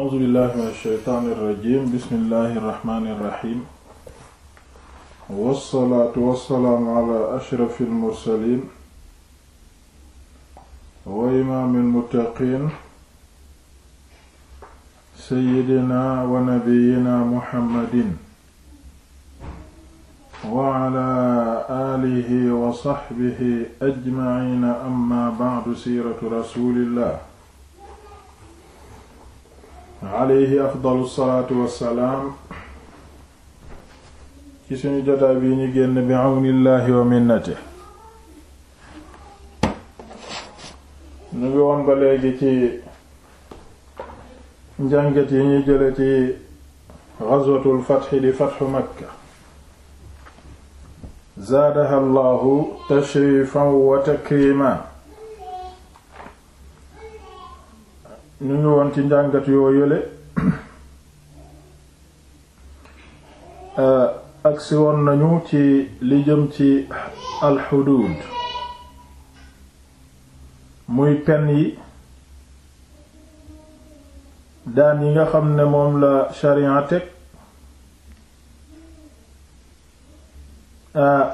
a'uuzu billahi min ash-shaytaani irrajim bismillahi irrahmani irrahim wassalaatu wassalaamu ala ashrafi almursalin wa imaami almuttaqiin seyyidina wa nabiyina muhammadin wa ala aalihi wa saxbihi ajmaciina amma bacdu siiratu rasulillah alayhi afdalu salaatu wassalaam ci suñu jotaay bi ñu génn bi awnillahi wa minnati ñu ngi woon ba léegi ci njàngat yi ñuy jële ci ghazwatul fatxi di fatxu makka zaadaha allahu tashrifan wa takriman ñu ngi woon ci njàngat yoo yële euh, agsi woon nañu ci li jëm ci alxuduud muy pen yi daan yi nga xam ne moom la sharia teg euh,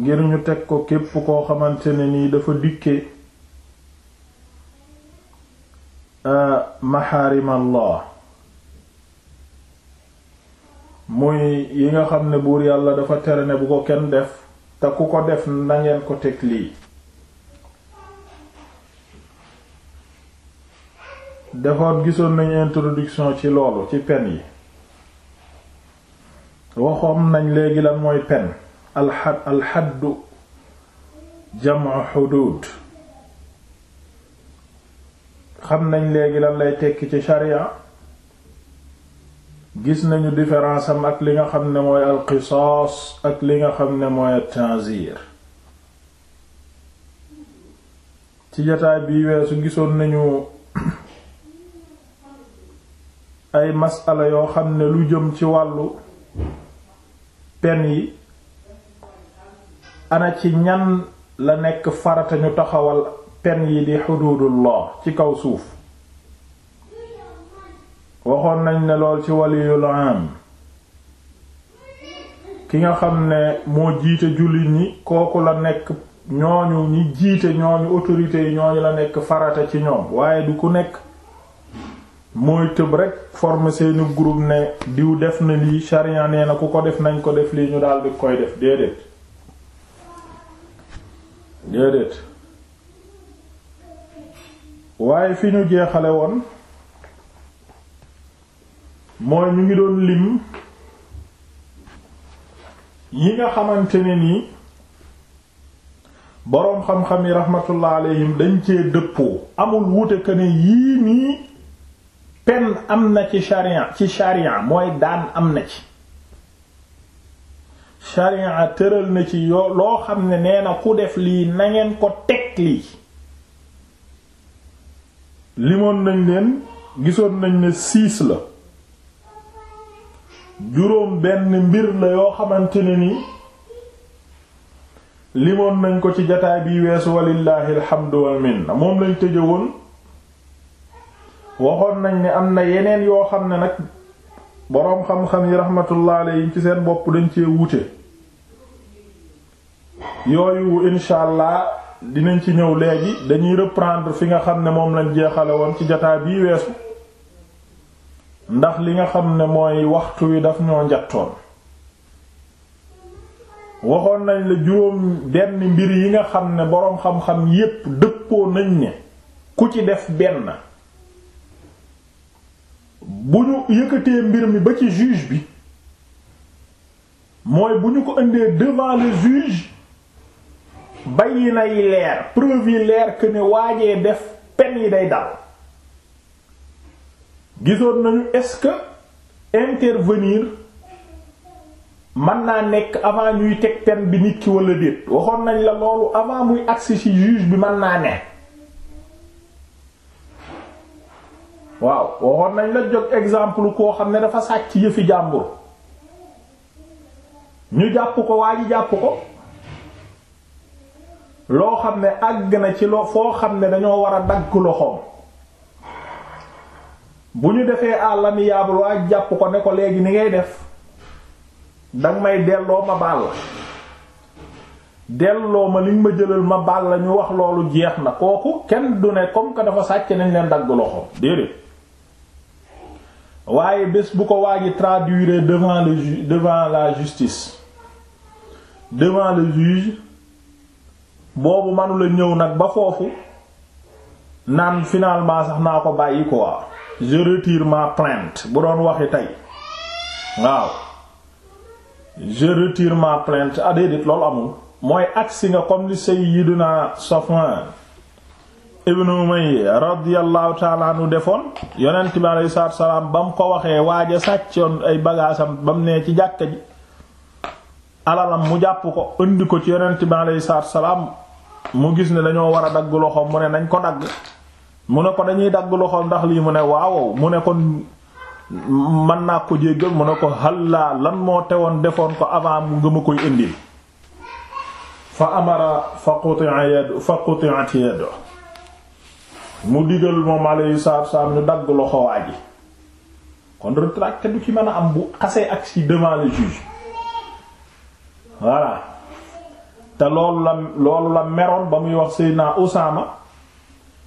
ngir ñu teg ko képp koo xamante ne nii dafa dikke maxaarimallah muy yi nga xam ne buur yàlla dafa tere ne bu ko kenn def te ku ko def na ko teg lii defoon gisoon nañu introduction ci loolu ci pen yi waxoon nañ léegi lan mooy pen alxad alxaddu jamu xuduud xam nañ léegi lan lay tekki ci sharia gis nañu différence am ak li nga xam ne mooy alqisaas ak li nga xam ne mooy tanzir ci jotaay bii weesu gisoon nañu ay masala yoo xam ne lu jëm ci wàllu pen yi ana ci ñan la nekk farata ñu taxawal fen yi di xududullah ci kaw suuf waxoon nañ ne lool ci waliyul am ki nga xam ne moo jiite jullit ñi kooku la nekk ñooñu ñi jiite ñooñu autorités yi ñooñu la nekk farata ci ñoom waaye di ku nekk mooy tëb rek forme seeni groupe ne diw def na lii sharia nee na ku ko def nañ ko def lii ñu daldi koy def déedéet déedéet waaye fi ñu jeexale woon mooy ñu ngi doon lim yi nga xamante ni nii boroom xam-xam yi rahmatullah alayhim dañ cee dëppoo amul wuute que ne yii nii pen am na ci sharia ci sharia mooy daan am na ci sharia tëral na ci yoo loo xam ne nee na ku def lii nangeen ko teg lii limoon nañ leen gisoon nañ ne siis la juróom benn mbir la yoo xamante ne nii limoon nañ ko ci jataay bi weesu walillahi alhamdu wal moom lañ tëje woon waxoon nañ ne am na yeneen yoo xam ne nag boroom xam-xam yi rahmatullah yi ci seen bopp dañ cee wuute yooyu insha dinañ ci ñëw léegi dañuy reprendre fi nga xam ne moom lañ jeexale woon ci jataay bii weesu ndax li nga xam ne mooy waxtu wi daf ñoo njattoon waxoon nañ la juróom benn mbir yi nga xam ne boroom xam-xam yépp dëppoo nañ ne ku ci def benn bu ñu yëkkatee mbir mi ba ci juge bi mooy bu ñu ko indee devant le bàyyi nay leer preuve yi leer que ne waajee def pen yi day dal gisoon nañu est-ce que intervenir mën naa nekk avant yuy teg pen bi nit ki wala déet waxoon nañ la loolu avant muy agsi ci juge bi mën naa ne waaw waxoon nañ la jot exemple koo xam ne dafa sàcc yëfi jàmbur ñu jàpp ko waa ji jàpp ko loo xam ne àgg na ci loo foo xam ne dañoo war a dagg loxoom bu ñu defee àllami yaabul ak jàpp ko ne ko léegi ni ngay def danga may delloo ma baal la delloo ma liñ ma jëlal ma baal la ñu wax loolu jeex na kooku kenn du ne comme que dafa sàcc nañ leen dagg loxoom déedéet waaye bés bu ko waa ji traduire devant le ju devant la justice devant le juge boobu manula ñëw nag ba foofu naan finalement sax naa ko bàyyi quoi je retire ma plainte bu doon waxi tey waaw je retire ma plainte ah déedéet loolu amul mooy agsi nga comme li sayyidina Safwan ibn Umayya radiyallahu ta'ala anhu defoon yonent bi alayhi salaam ba mu ko waxee waaja sàccoon ay bagaasam ba mu nee ci jàkka ji alalam mu jàpp ko indi ko ci yonent bi alayhi salaam mu gis ne dañoo war a dagg loxoom mu ne nañ ko dagg mu ne ko dañuy dagg loxoom ndax lii mu ne waaw mu ne kon mën naa ko jéggal mu ne ko halla lan moo te woon defoon ko avant mu nga ma koy indil fa amara fa quti'a yadu fa quti'at yadu mu digal moom alayhi salaatu salaam ñu dagg loxo waa kon retraite du ci mën a am bu xasee ak ci devant le juge voilà te loolu la loolu la meroon ba muy wax Seydina Usaama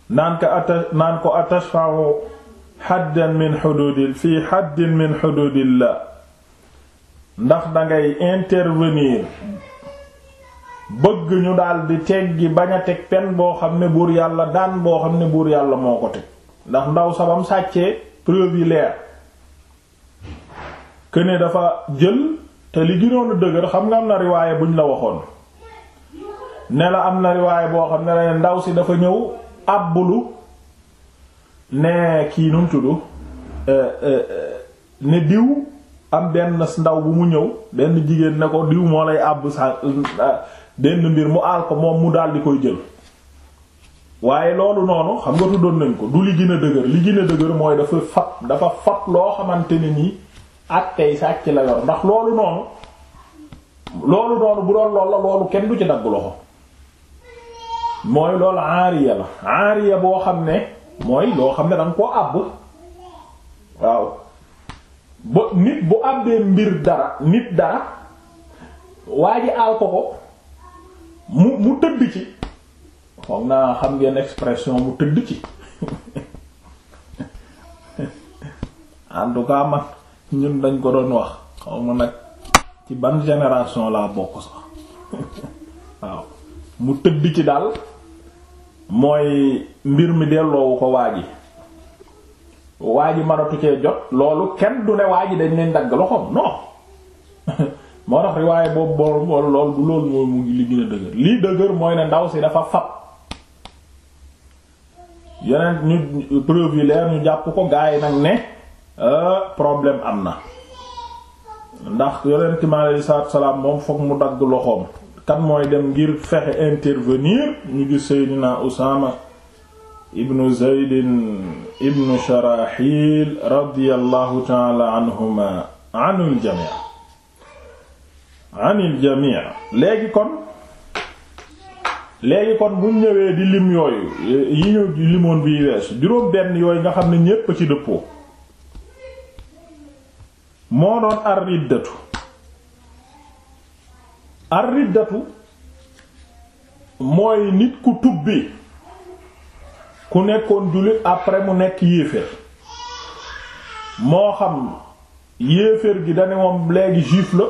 naan ko ata naan ko atashfa'u haddan min hududil fii haddin min la ndax dangay intervenir bëgg ñu daldi teggi bañ a teg pen boo xam ne buur yàlla daan boo xam ne buur yàlla moo ko teg ndax ndaw sabam sàccee preuve yi leer que ne dafa jël te li gënoon a dëgër xam nga am na riwaaye buñ la waxoon ne la am na riwaay boo xam ne la ndaw si dafa ñëw àbbulu ne kii num tudd eh, eh, ne diw am benn ndaw bu mu ñëw benn jigéen ne ko diw moo lay àbb sa eh, benn mbir mu aal ko moom mu daal di koy jël waaye loolu noonu xam nga tuddoon nañ ko du li gën a dëgër li gën a dëgër mooy dafa fab dafa fab loo xamante ne nii ak tey sàcc la ndax loolu noonu loolu noonu bu doon lool la loolu kenn du ci dagg loxo mooy loolu aariya la aariya boo xam ne mooy loo xam ne danga koo àbb waaw ba nit bu àbbee mbir dara nit daa waa ji aal ko ko mu mu tëdd ci foog naa xam ngeen expression mu tëdd ci en tout cas man ñun dañ ko doon wax xaw nag ci ban génération laa bokk sax waaw mu tëdd ci daal mooy mbir mi delloowu ko waa ji waa ji manatu cee jot loolu kenn du ne waa ji dañ leen dagg loxoom non moo tax riwaaye boobu borom lool lool du mu ngi dëgër lii dëgër mooy ne ndaw si dafa fab yeneen ñu preuve ñu jàpp ko gaa yi nag ne euh, problème am na ndax yonent mi aleyhi salaatu wa salaam moom fokk mu dagg loxoom kan mooy dem ngir fexe intervenir ñu gis seydina Usaama ibnu Zaydin ibnu Sharaxil radiyallahu taala anhuma anil jamii anil léegi kon léegi kon bu ñëwee di lim yooyu yi ñu limoon bii weesu juróom benn yooyu nga xam ne ñépp ci dëppoo moo doon ar ar riddatu mooy nit ku bi ku nekkoon jullit après mu nekk yéeféer moo xam yéeféer gi dane moom léegi juif la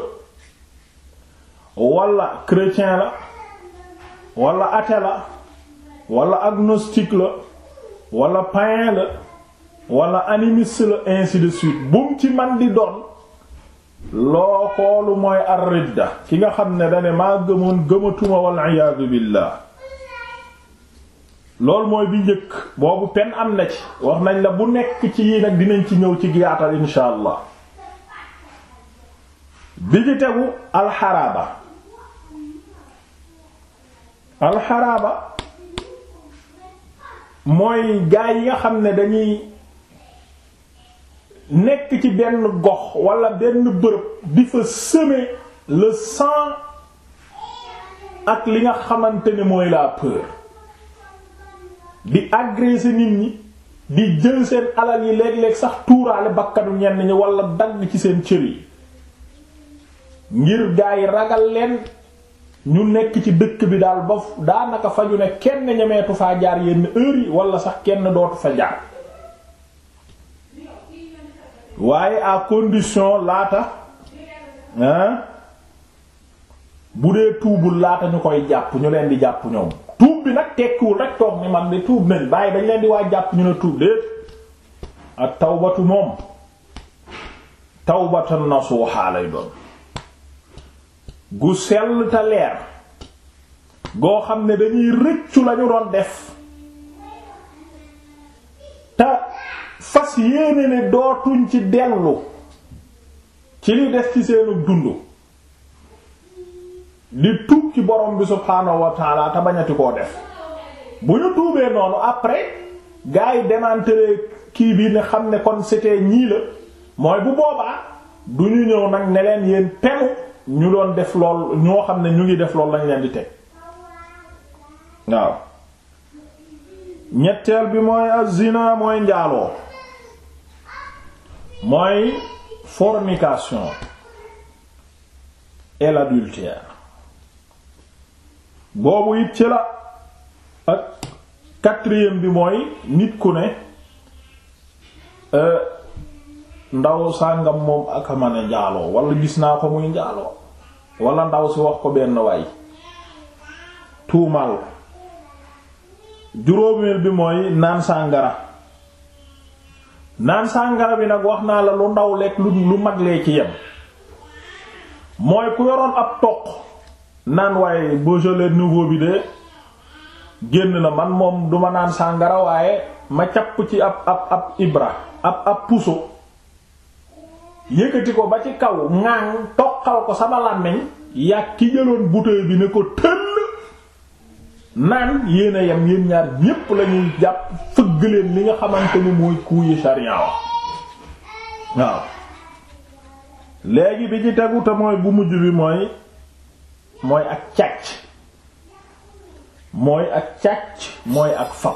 walla chrétien la walla athée la walla agnostique la walla païen la walla animiste la ainsi de suite bu ci man di doon loo xoolu mooy ar ki nga xam ne dane maa gëmoon gëmatuma wal iyaadu billah loolu mooy bi njëkk boobu pen am na ci wax nañ la bu nekk ci yii nag dinañ ci ñëw ci giyaatal insha bi ci tegu alxaraaba alxaraaba mooy gaay yi nga xam ne dañuy nekk ci benn gox wala benn bërëb di fa semer le sang ak li nga xamante ne mooy la peur di agresser nit ñi di jël seen alal yi léeg-léeg sax tuuraale bakkanu ñenn ñi walla dagg ci seen cër yi ngir gaay ragal leen ñu nekk ci dëkk bi daal ba daanaka fa ñu ne kenn ñemeetu faa jaar yenn heure yi wala sax kenn dootu fa jaar waaye à condition laata hein bu dee tuubul laata ñu koy jàpp ñu leen di jàpp ñoom tuub bi nag tekkiwul rek toog ni man de tuub nañ bàyyi dañ leen di waa jàpp ñu ne tuub déet ak tawbatu moom tawbatan nasuha lay doon gu sell te leer goo xam ne dañuy rëccu lañu doon def fas yéene ne dootuñ ci dellu ci li def ci seenu dund di tuub ci borom bi subhaanahu wa taala te bañati koo def bu ñu tuubee noonu après gars yi kii bi ne xam ne kon c'était ñii la mooy bu boobaa du ñu ñëw nag ne leen yéen ñu doon def lool ñoo xam ne ñu ngi def lool lañ leen di teg waaw ñetteel bi mooy azina mooy njaaloo mooy fornication et l'adultère boobu it ci la ak quatrième bi mooy nit ku ne euh, ndaw sàngam moom ak a njaaloo wala gis naa ko muy njaaloo wala ndaw si wax ko benn way tuumaal juróomeel bi mooy naan sàngara naan sàngara bi nag wax naa la lu ndaw lekk lu lu mag lee ci yem mooy ku yoroon ab toq naan waaye Beaujolais nouveau bi de génn na man moom duma naan sàngara waaye ma capp ci ab ab ab ibra ab ab puso yëkkati ko ba ci kaw ŋaaŋ toqal ko sama làmmiñ yàq jëloon bouteille bi ne ko tël naan yéen a yem yéen ñaar ñépp la jàpp fëgg leen li nga xamante ni mooy kuuyi sharia waaw léegi bi ci tegu te mooy bu mujj bi mooy mooy ak càcc mooy ak càcc mooy ak fab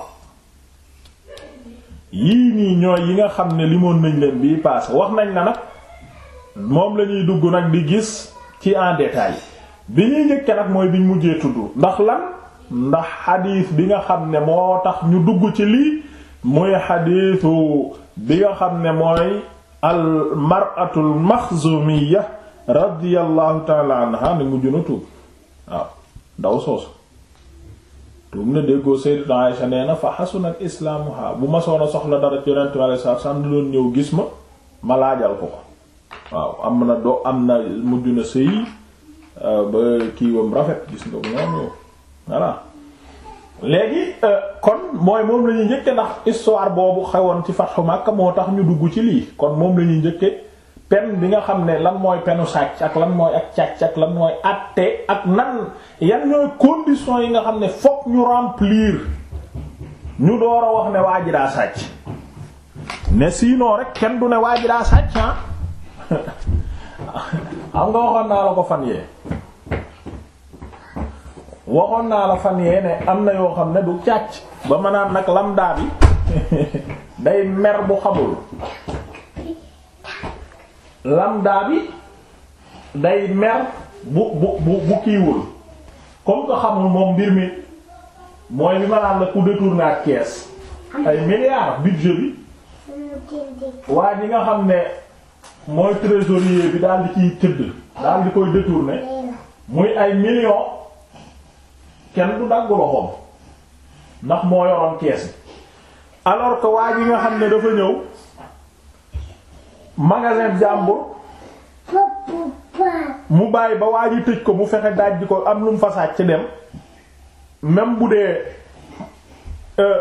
yii nii ñooy yi nga xam ne limon nañ leen bii paase wax nañ na nag moom lañuy dugg nag di gis ci en détail bi ñuy njëkke nag mooy biñ mujjee tudd ndax lan ndax xadiis bi nga xam ne moo tax ñu dugg ci lii muy xadiisu bi nga xam ne mooy al maratul maxzumiya radiyallahu taala anha ne mujj na tuub waaw ndaw soosu tuub na déggoo sayyidat Aisha nee na fa xasunat islaamuha bu ma soona soxla dara ci yonent bi alayhi salaam du doon ñëw gis ma ma laajal ko ko waaw am na doo am na mujj na sëy euh, ba kiiwam rafet gis nga bu noonu voilà léegi euh, kon mooy moom lañuy ñuy njëkke ndax histoire boobu xewoon ci Fathu Makka moo tax ñu dugg ci lii kon moom lañuy ñuy njëkke pen bi nga xam ne lan mooy penu sàcc ak lan mooy ak càcc ak lan mooy àtte ak nan yan ñooy conditions yi nga xam ne fokk ñu remplir ñu door a wax ne waa ji daa sàcc ne sinon rek kenn du ne waa ji daa sàcc ah xam nga waxoon naa la ko fan yee waxoon naa la fan yee ne am na yoo xam ne du càcc ba ma naan nag lamda bi day mer bu xamul lamda day mer bu bu bu kiiwul comme ko xamul moom mbir mi mooy li ma naan la ku détourné ak kees ay milliards budget bi waa ñi nga xam ne mooy trésorier bi daal di ciy tëdd daal di koy détourné muy ay millions kenn du dagg loxoom ndax moo yoroon kees alors que waa ji nga xam ne dafa ñëw magasin jàmbur mu bàyyi ba waa ji tëj ko mu fexe daaj ko am lu mu fa ci dem même bu dee euh,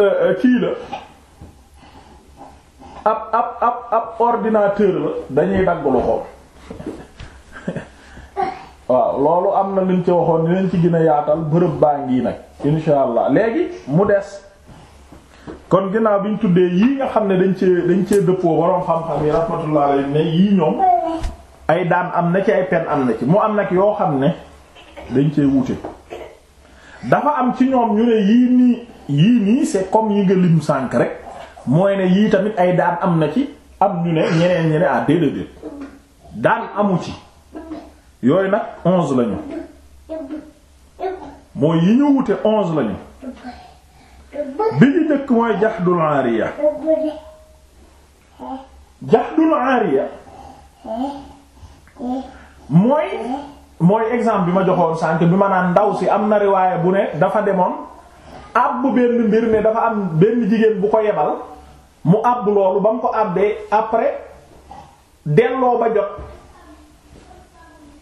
euh, kii ab ab ab ordinateur la dañuy dagg loxoom waaw loolu am na luñ ci waxoon dinañ ci gën a yaatal bërëb baa ngi nag insha allah léegi mu des kon ginnaaw bi ñu tuddee yii nga xam ne dañ cee dañ cee dëppoo waroon xam-xam yi rahmatullah alayhi ne yii ñoom ay daan am na ci ay pen am na ci mu am nag yoo xam ne dañ cee wuute dafa am ci ñoom ñu ne yii nii yii nii c'est comme yi nga lim sànk rek mooy ne yii tamit ay daan am na ci am ñu ne ñeneen ñeneen ah déedéet daan amu ci. yooyu nag onze lañu mooy yi ñu wute onze lañu bi ñu njëkk mooy jaxdul aariya jaxdul aariya mooy mooy exemple bi ma joxoon sànk bi ma naan ndaw si am na riwaaya bu ne dafa demoon àbb benn mbir ne dafa am benn jigéen bu ko yebal mu àbb loolu ba mu ko àbbee après delloo ba jot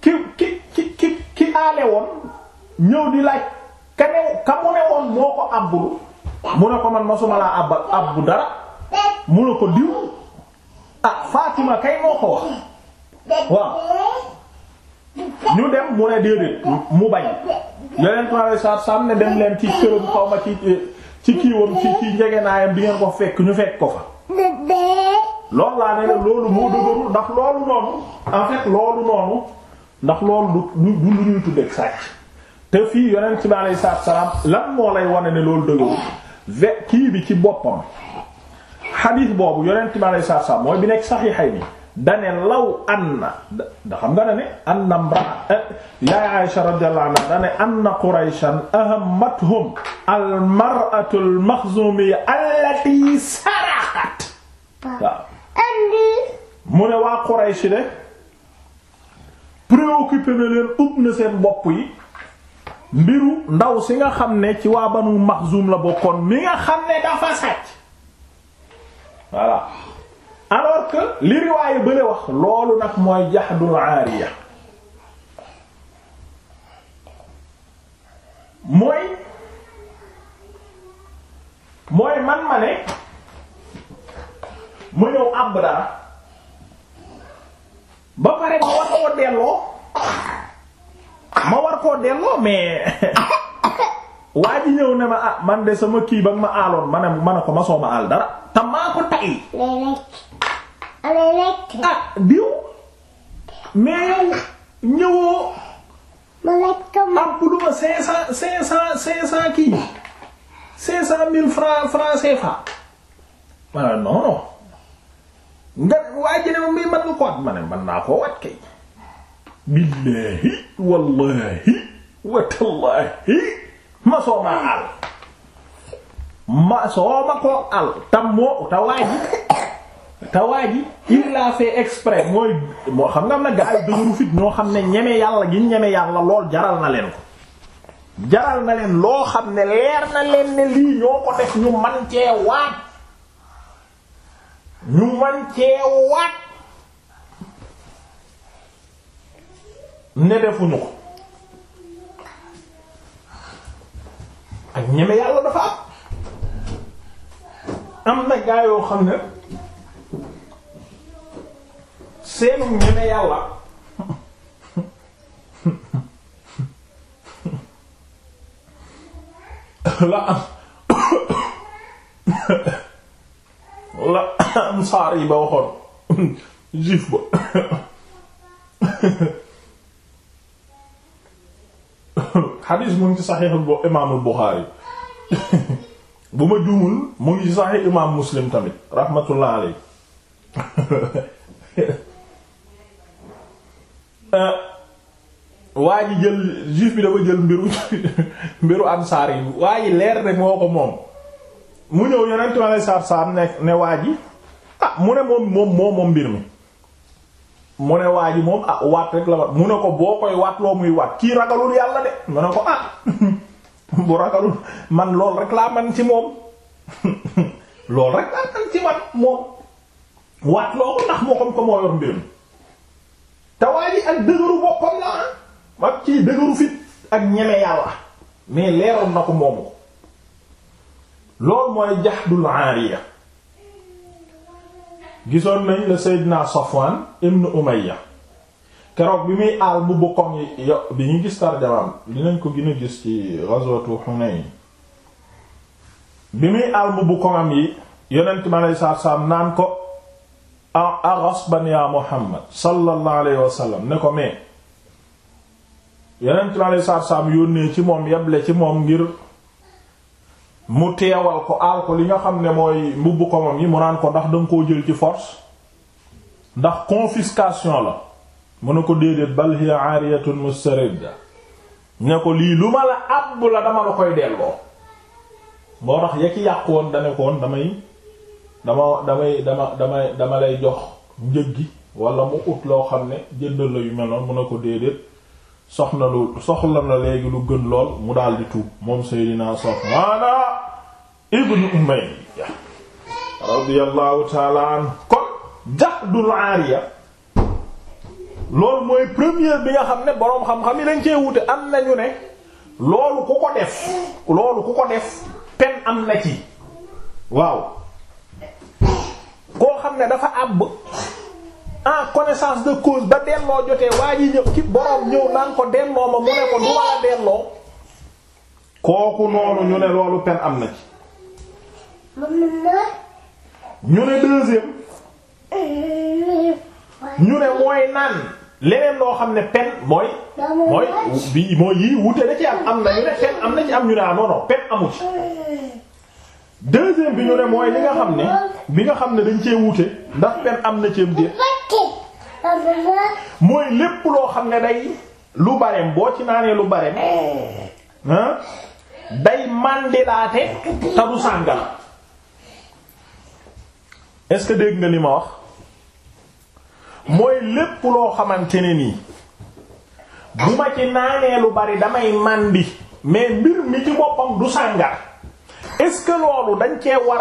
ki ki ki ki ki aale woon ñëw di laaj ka ne ka mu ne woon moo ko abbul mu ne ko man masuma laa ab abbu dara mu ne ko diw ah Fatima kay moo ko wax waaw ñu dem mu ne déedéet mu bañ yeneen trois saa sam ne dem leen ci këram xaw ma ci ci kiiwam ci ci njegenaayam bi ngeen ko fekk ñu fekk ko fa. loolu laa ne loolu moo dëgërul ndax loolu noonu en loolu noonu. ndax loolu du du lu ñuy tuddeeg sàcc te fii yonent bi alayhi salaatu wa salaam lan moo lay wane ne loolu dëgëwul ve kii bi ci boppam xadiis boobu yonent bi alayhi salaatu wa salaam mooy bi nekk saxiixay ni dane law anna da xam nga ne ne anna mraa eh, ya Aisha radiyallahu anha dane anna qurayshan ahammatuhum al mar'atu al maxzumiyya allati saraqat waaw mu ne waa quraysh de préoccupé na leen ub na seen bopp yi mbiru ndaw si nga xam ne ci waa Banu Maxsum la bokkoon mi nga xam ne dafa sàcc voilà alors que li riwaaye bële wax loolu nag mooy jaxdul aariya mooy mooy man ma ne mu ñëw àbb dara ba pare ma war koo delloo ma war koo delloo mais waa ñëw ne ma a ah, man de sama kii ba ma aaloon ma ne ma ne ko ma soo ma aal dara te maa ko tay ah diw mais ñëwoo am lu ma cinq cent cinq cent cinq cent kii cinq cent mille francs francs nga waa ji ne ma mii man nga ma ne man naa koo wat kay billaahi wallaahi watallaahi ma soo maa àll ma soo ma koo àll tam moo te ji te ji il fait exprès mooy moo xam nga am gaa yi dëgëru fit ñoo xam ne ñeme yàlla gi ñeme yàlla lool jaral na leen ko jaral na leen loo xam ne leer na leen ne lii ñoo ko def ñu man cee waat ñu man cee waat ne defuñu ko ak ñeme yàlla dafa am na gaa yoo xam ne seenu ñeme yàlla la la ansaar yi ba waxoon juif ba xadiis mu ngi ci saxiixul imaamul Buxaari bu ma juumul mu ngi saxiix imaam Muslim tamit raxmatullah alayhi eh, waa ji jël juif bi dafa jël mbiru mbiru ansaar yi waa ji leer ne moo ko moom mu ñëw yonent ma lay saab saab ne ne waa ji ah mu ne moom moom moom moom mbir mi mu ne waa ji moom ah waat rek la mu ne ko boo koy waat loo muy waat kii ragalul yàlla de mu ne ko ah bu ragalul man lool rek laa man ci moom lool rek laa man ci man moom waat loo ndax moo xam ko moo yor mbir mi te waa ji ak dëgëru boppam la ak ah. kii dëgëru fit ak ñeme yàlla mais leeroon na ko moomu loolu mooy jahdul aariya gisoon nañ la Seydina Safwan ibn Umayya keroog bi muy aal bu bokkoom yi yo bi ñu gis tarjamaam dinañ ko gën gis ci ghazwatu Hunayn bi muy aal bu bokkoomam yi yonent mi aleyhi naan ko a ghasban ya Muhammad sallallahu alayhi ne ko mais yonent mi aleyhi yónnee ci moom yeble ci moom ngir mu teewal ko aal ko li nga xam ne mooy mbubb moom yi mu naan ko ndax danga koo jël ci force ndax confiscation la mu ne ko déedéet bal hiya aariyatun mustaridda ne ko lii lu ma la àbb la dama la koy delloo boo tax ya ci yàq woon dane ko woon damay dama damay dama damay dama lay jox njëg gi wala mu ut loo xam ne jëndal la yu mel noonu mu ne ko déedéet soxna lu soxla na léegi lu gën lool mu daal di tuub moom Seydina Safwaana ibnu Umayya radiyallahu ta'ala anhu kon jahdul aariya loolu mooy première bi nga xam ne boroom xam-xam yi dañ cee wute am nañu ne loolu ku ko def loolu ku ko def pen am na ci waaw koo xam ne dafa àbb en connaissance de cause ba delloo jotee waa ji ñëw ci borom ñëw naan ko delloo ma mu ne ko du waa delloo kooku noonu ñu ne loolu pen am na ci ñu ne deuxième eh. ñu ne mooy naan leneen loo xam ne pen mooy mooy bi mooy yii wute na ci am am na ñu ne pen am na ci am ñu ne ah non pen amu ci eh. deuxième bi ñu ne mooy li nga xam ne bi nga xam ne dañ cee wuute ndax benn am na ceeb déet mooy lépp loo xam ne day lu bareem boo ci naanee lu bareem ah day mandilaate ta du sàngal est-ce que dégg nga li ma wax mooy lépp loo xamante ne nii bu ma ci naanee lu bari damay màndi mais mbir mi ci boppam du sàngal est-ce que loolu dañ cee war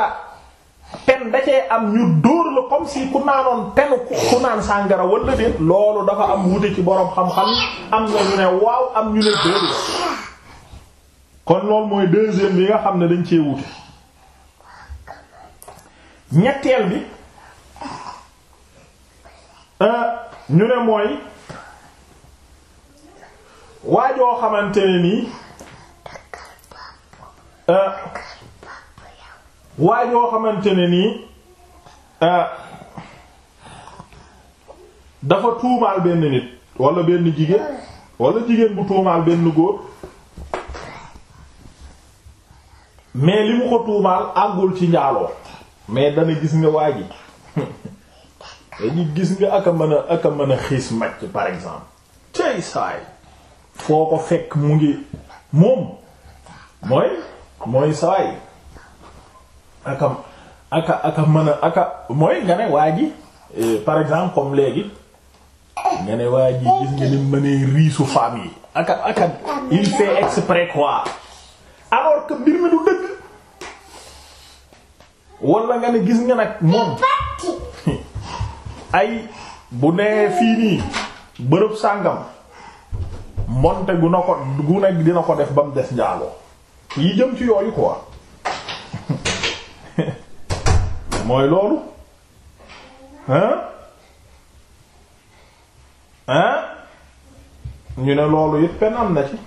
pen da cee am ñu dóor la comme si ku naanoon penu ku naan sàngara wala déet loolu dafa am wute ci boroom xam-xam am na ñu ne waaw am ñu ne déedéet kon loolu mooy deuxième bi nga xam ne dañ cee wute ñetteel bi euh, ñu ne mooy waajoo xamante nii euh, waaye yoo xamante ne nii euh, dafa tuumaal benn nit wala benn jigéen wala jigéen bu tuumaal benn góor mais li mu ko tuumaal àggul ci njaaloo mais dana gis nga waa ji dañu gis nga ak mën a ak a mën a xiis màcc par exemple tey saay foo ko fekk mu ngi moom mooy mooy saay aka aka mën aka mooy nga ne waa ji eh, par exemple comme léegi nga ne waa ji gis nga ni mënee riisu femme yi aka aka il fait exprès quoi alors que mbir mi du dëgg wala nga ne gis nga nag moom ay bu nee fii nii bërëb sàngam mbonte gu na ko gu na dina ko def ba mu des njaaloo yi jëm ci yooyu quoi mooy loolu hein hein ñu ne loolu it pen am na ci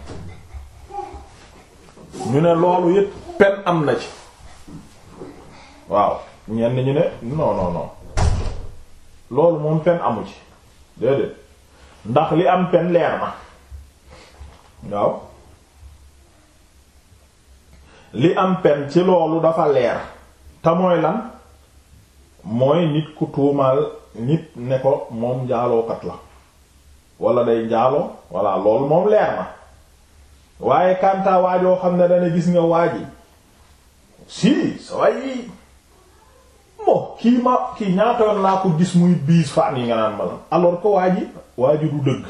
ñu ne loolu it pen am na ci waaw ñenn ñu ne non loolu moom pen amu ci déedéet ndax li am pen leer na waaw li am pen ci loolu dafa leer te mooy lan mooy nit ku tuumaal nit ne ko moom njaalookat la wala day njaaloo walla loolu moom leer na waaye kàntaa waajoo xam ne dana gis nga waaji si sa waay mo kii ma kii ñaata laa ko gis muy biis fan yi nga naan ma la alors que waaji waaji du dëgg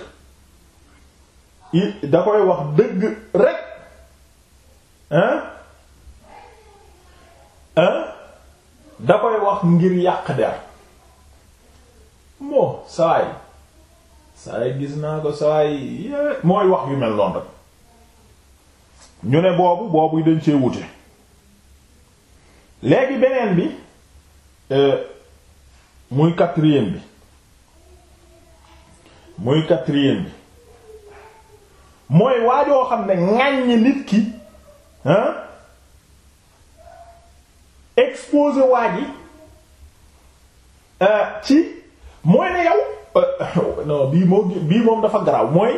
i da koy wax dëgg rek hein hein da koy wax ngir yàq der moo saay saay gis naa ko saay mooy wax yu mel noonu rek ñu ne boobu boobu dañ cee wute léegi beneen bi euh, muy quatrième bi muy quatrième bi mooy waajoo xam ne ŋàññ nit ki exposé waa ji euh, ci mooy ne yow euh, non bii moom bii moom dafa garaaw mooy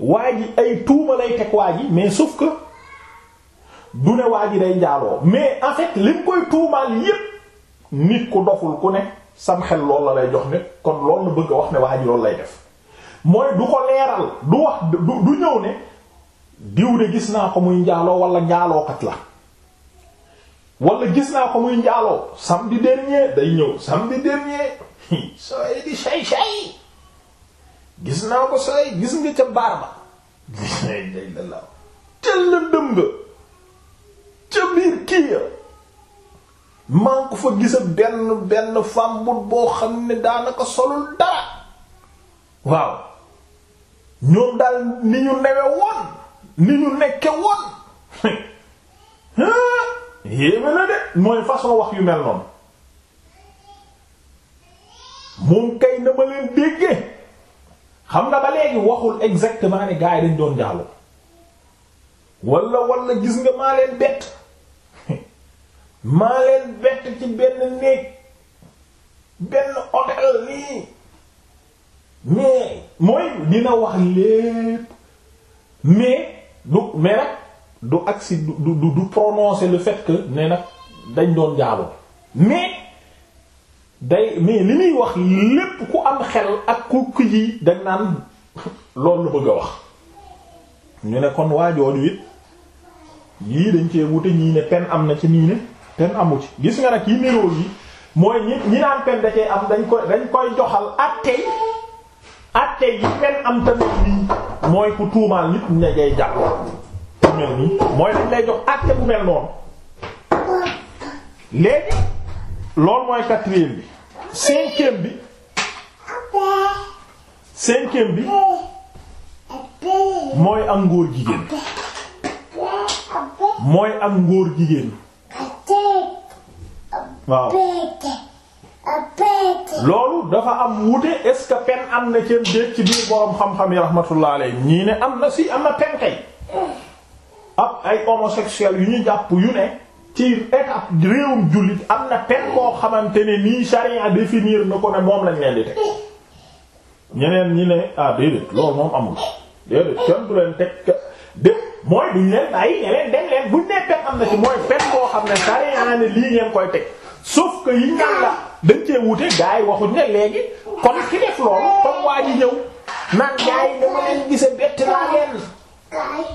waa ji ay tuuma lay teg waa ji mais sauf que du ne waa ji day njaaloo mais en fait li mu koy tuumaal yépp nit ku doxul ku ne sam xel loolu la lay jox ne kon loolu la bëgg a wax ne waa ji loolu lay def mooy du ko leeral du wax du ñëw ne diw de gis naa ko muy njaaloo wala njaalookat la wala gis naa ko muy njaaloo samedi dernier day ñëw samedi dernier sooy di say say gis naa ko sooy gis nga ca baar ba day la laaw nga ca biir kii ya man ko fa gisa benn benn fàmbul boo xam ne daanaka solul dara waaw ñoom daal ni ñu newe woon ni ñu nekke woon yéeme na de mooy façon wax yu mel noonu moom kay na ma leen déggee xam na ba léegi waxul exactement ni gars yi dañ doon jàll walla walla gis nga maa leen bett maa leen bett ci benn néeg benn hôtel nii mais mooy dina wax lépp mais du mais rek du agsi du du du prononcer le fait ne nag dañ doon jaaloo mais day mais li muy wax lépp ku am xel ak ku ku ji dañ naan loolu lu bëgg a wax ñu ne kon waajooju it yii dañ cee wute ñii ne pen am na ci nii ne pen amu ci gis nga nag yi niroo yi mooy ñi ñi naan pen am dañ koy dañ koy joxal attey attey yi pen am tamit nii mooy ku tuumaal nit ña ngay mooy dañ lay jox àtte bu mel noonu léegi loolu mooy quatrième bi cinquième bi cinquième bi mooy am ngóor jigéen mooy am ngóor jigéen waaw loolu dafa am wute est pen am na ceen déet ci biir borom xam-xam yi rahmatullah alayhi ñii ne am na si am na pen kay ab ay homosexuels yu ñu jàpp yu ne ci étape réewum jullit am na peine koo xamante ne nii charia définir na ko ne moom lañ leen di teg ñeneen ñi ne ah déedéet loolu moom amul déedéet kenn du leen teg dé mooy duñ leen bàyyi dem leen buñ ne am na ci mooy peine boo xam ne charia ne lii ngeen koy teg sauf que yi ñaan la dañ cee wute gars yi waxuñ ne léegi kon ki def loolu comme waa ji ñëw naan gars yi dama gise bett laa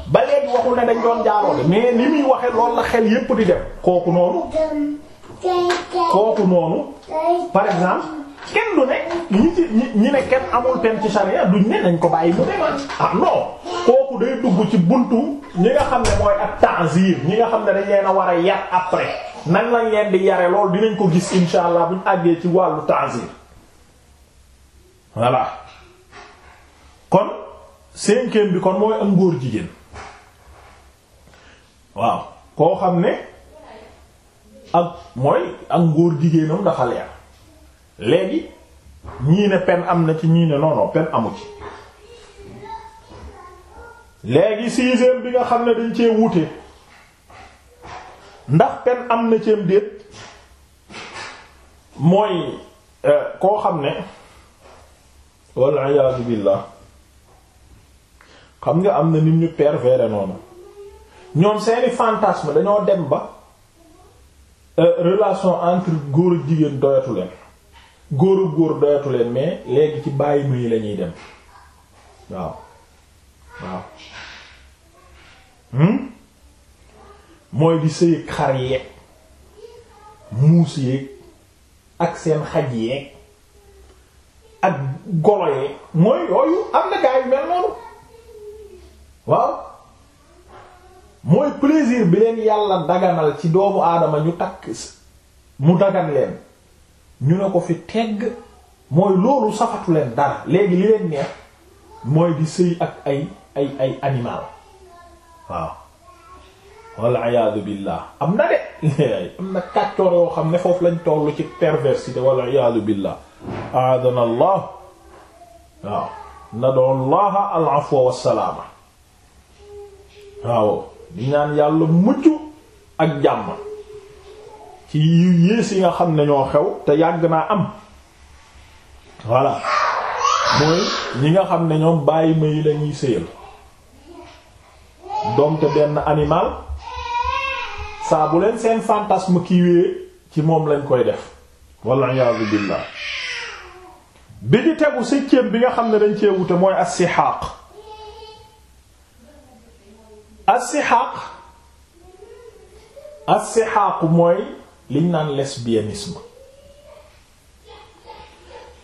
ba léegi waxul ne dañ doon jaaroo de mais ni muy waxe lool la xel yépp di def kooku noonu kooku noonu par exemple kenn du ne ñi ci ñi ne kenn amul pen ci charia duñ ne nañ ko bàyyi mu demaan ah. ah non kooku day dugg ci buntu ñi nga xam ne mooy ak ta'zir ñi nga xam ne dañ leen a war a yar après nan lañ leen di yare loolu dinañ ko gis insha allah bu ñu àggee ci wàllu ta'zir voilà kon cinquième bi kon mooy ak ngóor jigéen waaw koo xam ne ak mooy ak ngóor jigéenam dafa leer léegi ñii pen am na ci ñii ne non non pen amu ci léegi sixième bi nga xam ne dañ cee wuute ndax pen am na ceeb déet mooy euh, koo xam ne wal iyaadu xam nga am na nit ñu pervers noonu ñoom seeni fantasme dañoo dem ba euh, relation entre góor ak jigéen doyatu góor ak góor doyatu leen mais léegi ci bàyyi ma lañuy la ñuy dem waaw waaw hmm? mooy di sëyeeg xar yeeg muus yeeg ak seen xaj yeeg ak golo yeeg mooy yooyu am na gaa noonu waaw mooy plaisir bi leen yàlla daganal ci doomu aadama ñu takk mu dagan leen ñu ne ko fi tegg mooy loolu safatu leen dara léegi li leen neex mooy di sëy ak ay ay ay animal waaw walla iyaadu billaah am na de am na kàccoor yoo xam ne foofu lañ tollu ci perversité walla iyaadu billaah aadana allah waaw na doon allah al afwa waaw di ñaan yàlla mucc ak jàmm ci yu yi nga xam ne ñoo xew te yàgg naa am voilà mooy ñi nga xam ne ñoom bàyyi ma yi lañuy sëyal doom te benn animal saa bu leen seen fantasme kiiwee ci moom lañ koy def walla iyaazu billaah bi di tegu septième bi nga xam ne dañ cee wute mooy as-sihaq assixaaq assixaaqu mooy liñ naan lesbianisme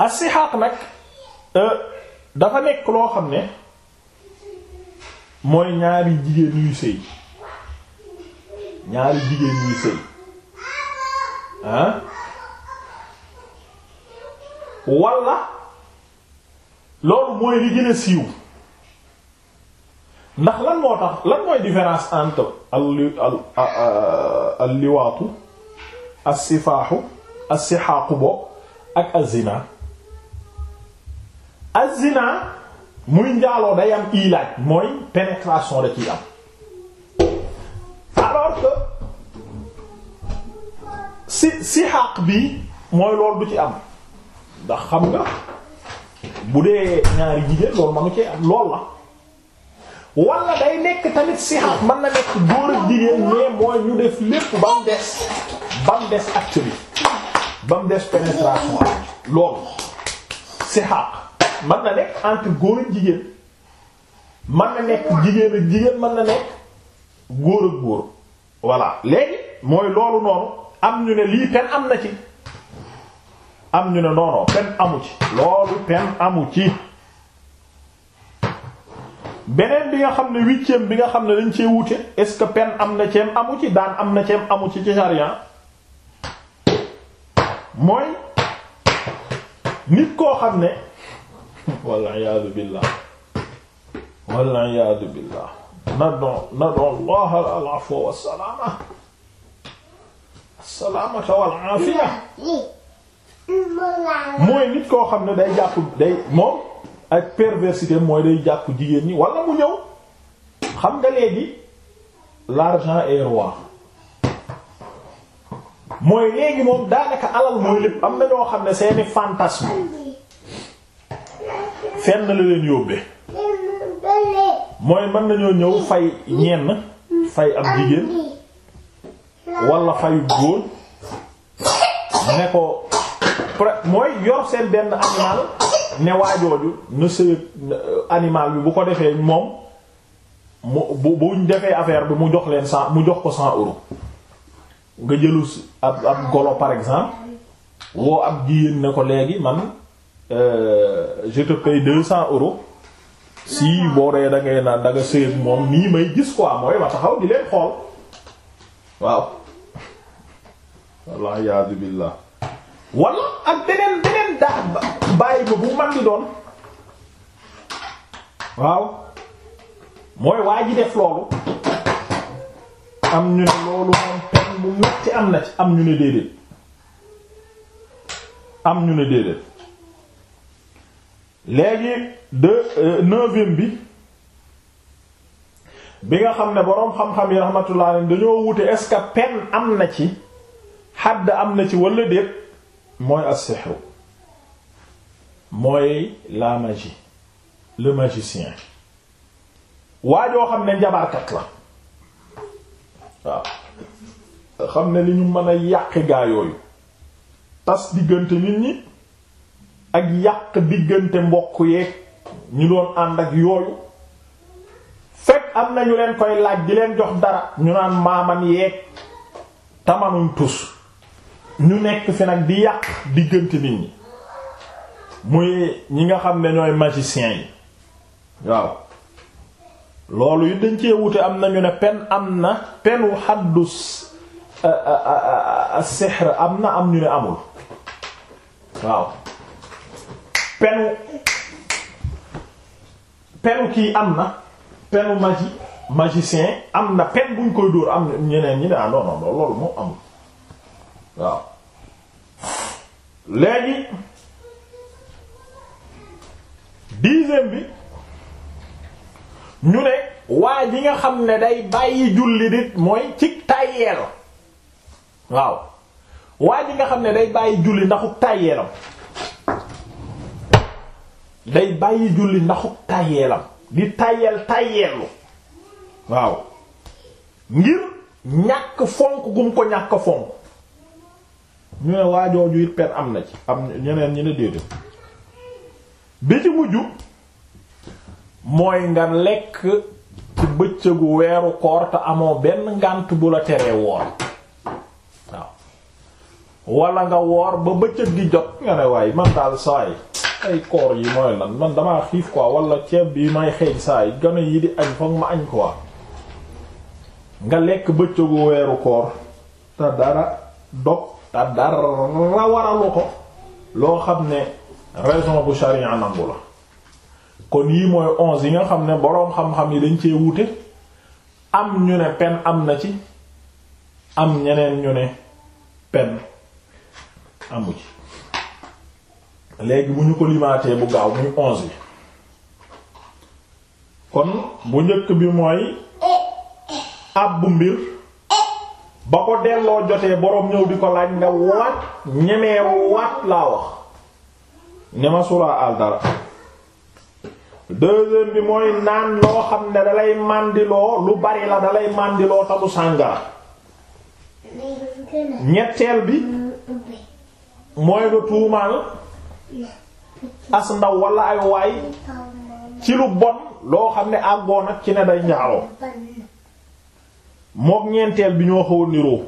assixaaq nag euh, dafa nekk loo xam ne mooy ñaari jigéen yuy sëy ñaari jigéen yuy sëy ah walla loolu mooy li gën a siiw ndax lan moo tax lan mooy différence entre al al liwaatu as-sifaahu as-sihaaqu ak az-zinaa az-zinaa muy njaaloo day am mooy pénétration da ciy am sihaaq bi mooy loolu du ci am ndax xam nga bu dee ñaari jigéen loolu manu ci am lool la wala day nekk tamit sixaat mën na nekk góor ak jigéen mais mooy ñu def lépp ba mu des ba mu des acte bi ba mu des pénétration loolu sixaat mën na nekk entre góor ak jigéen man na nekk jigéen ak jigéen mën na nekk góor ak góor voilà léegi mooy loolu noonu am ñu ne lii pen am na ci am ñu ne non pen amu ci loolu pen amu ci beneen bi nga xam ne huitième bi nga xam ne dañ cee wute est-ce am na ceem amu ci daan am na ceem amu ci ci charia mooy nit koo xam ne walla iyaadu billaah walla iyaadu billaah na doon na doon Allah al afwa wa salaama salaamata wal aafiya mooy nit koo xam ne day jàpp day moom ak perversité mooy day jàpp jigéen ñi walla mu ñëw xam nga léegi l'argent est roi mooy léegi moom daanaka alal mooy lépp am na ñoo xam ne seeni fantasme fenn la leen yóbbee mooy mën nañoo ñëw fay ñenn fay ab jigéen wala fayu góor ne ko mooy yor seen benn animal ne waajooju na sëy animal bi bu ko defee moom mu bu buñ defee affaire bi mu jox leen saa mu jox ko cent euros nga jëlu ab ab golo par exemple woo ab jigéen ne ko léegi man euh, je te paye deux cent euros si boo dee da naan da nga moom nii may gis quoi mooy ma taxaw di leen xool waaw. wallaahi yaa billah wala ak beneen beneen daa bàyyi ba bu man di doon waaw mooy waa ji def loolu am ñu ne loolu moom pen bu metti am na ci am ñu ne déedéet am ñu ne déedéet léegi de euh, neuvième bi bi nga xam ne boroom xam-xam yi rahmatullah dañoo wute est-ce que pen am na ci xadd am na ci walla déet mooy as-sihr mooy la magie le magicien waa joo xam ne njabarkat la waaw xam ne li ñu mën a yàq gaa yooyu tas diggante nit ñi ak yàq diggante mbokk yeeg ñu doon ànd ak yooyu fekk am na ñu leen koy laaj di leen jox dara ñu naan maaman yeeg tamanuñ tus ñu nekk fi nag di yàq diggante nit ñi muy ñi nga xam ne ñooy magiciens yi waaw loolu yi dañ cee wute am na ñu ne pen am na penu xaddu sihr am na am ñu ne amul waaw penu penu kii am na penu magi magicien am na pen buñ koy dóor am ñeneen ñi ne ah non non loolu moo amul waaw léegi dixième bi ñu ne waa ji nga xam ne day bàyyi julli nit mooy ci tàyyeel waaw waa ji nga xam ne day bàyyi julli ndaxuk tàyyeelam day bàyyi julli ndaxuk tàyyeelam di tàyyeel tàyyeelu waaw ngir ñàkk fonk gum ko ñàkk fonk ñu ne waajooju it pen am na ci am ñeneen ñi ne déedéet bi ci mujj mooy nga lekk ci bëccëgu weeru koor te amoo benn ngànt bu la teree woor waaw wala nga woor ba bëccëg gi jot nga ne waaye man daal saay ay koor yi mooy lan man damaa xiif quoi wala ceeb bi may xeej saay gone yi di añ foog ma añ quoi nga lekk bëccëgu weeru koor te dara dog te dara waralu ko loo xam ne raison bu sharia nangu la kon yii mooy onze yi nga xam ne boroom xam-xam yi lañ cee wuute am ñu ne pen am na ci am ñeneen ñu ne pen amu ci léegi bu ñu ko limaatee bu gaaw muy onze yi kon bu njëkk bi mooy àbb mbir ba ko delloo jotee boroom ñëw di ko laaj nga waat ñemee waat laa wax ne ma sulaa àll dara bi mooy naan loo xam ne dalay màndiloo lu bari la dalay màndiloo tabu sàngara ñetteel bi mooy nga tuumaal as ndaw walla ay waay ci lu bon loo xam ne àggoon ak ci ne day njaaloo mook ñeenteel bi ñu waxoo niroo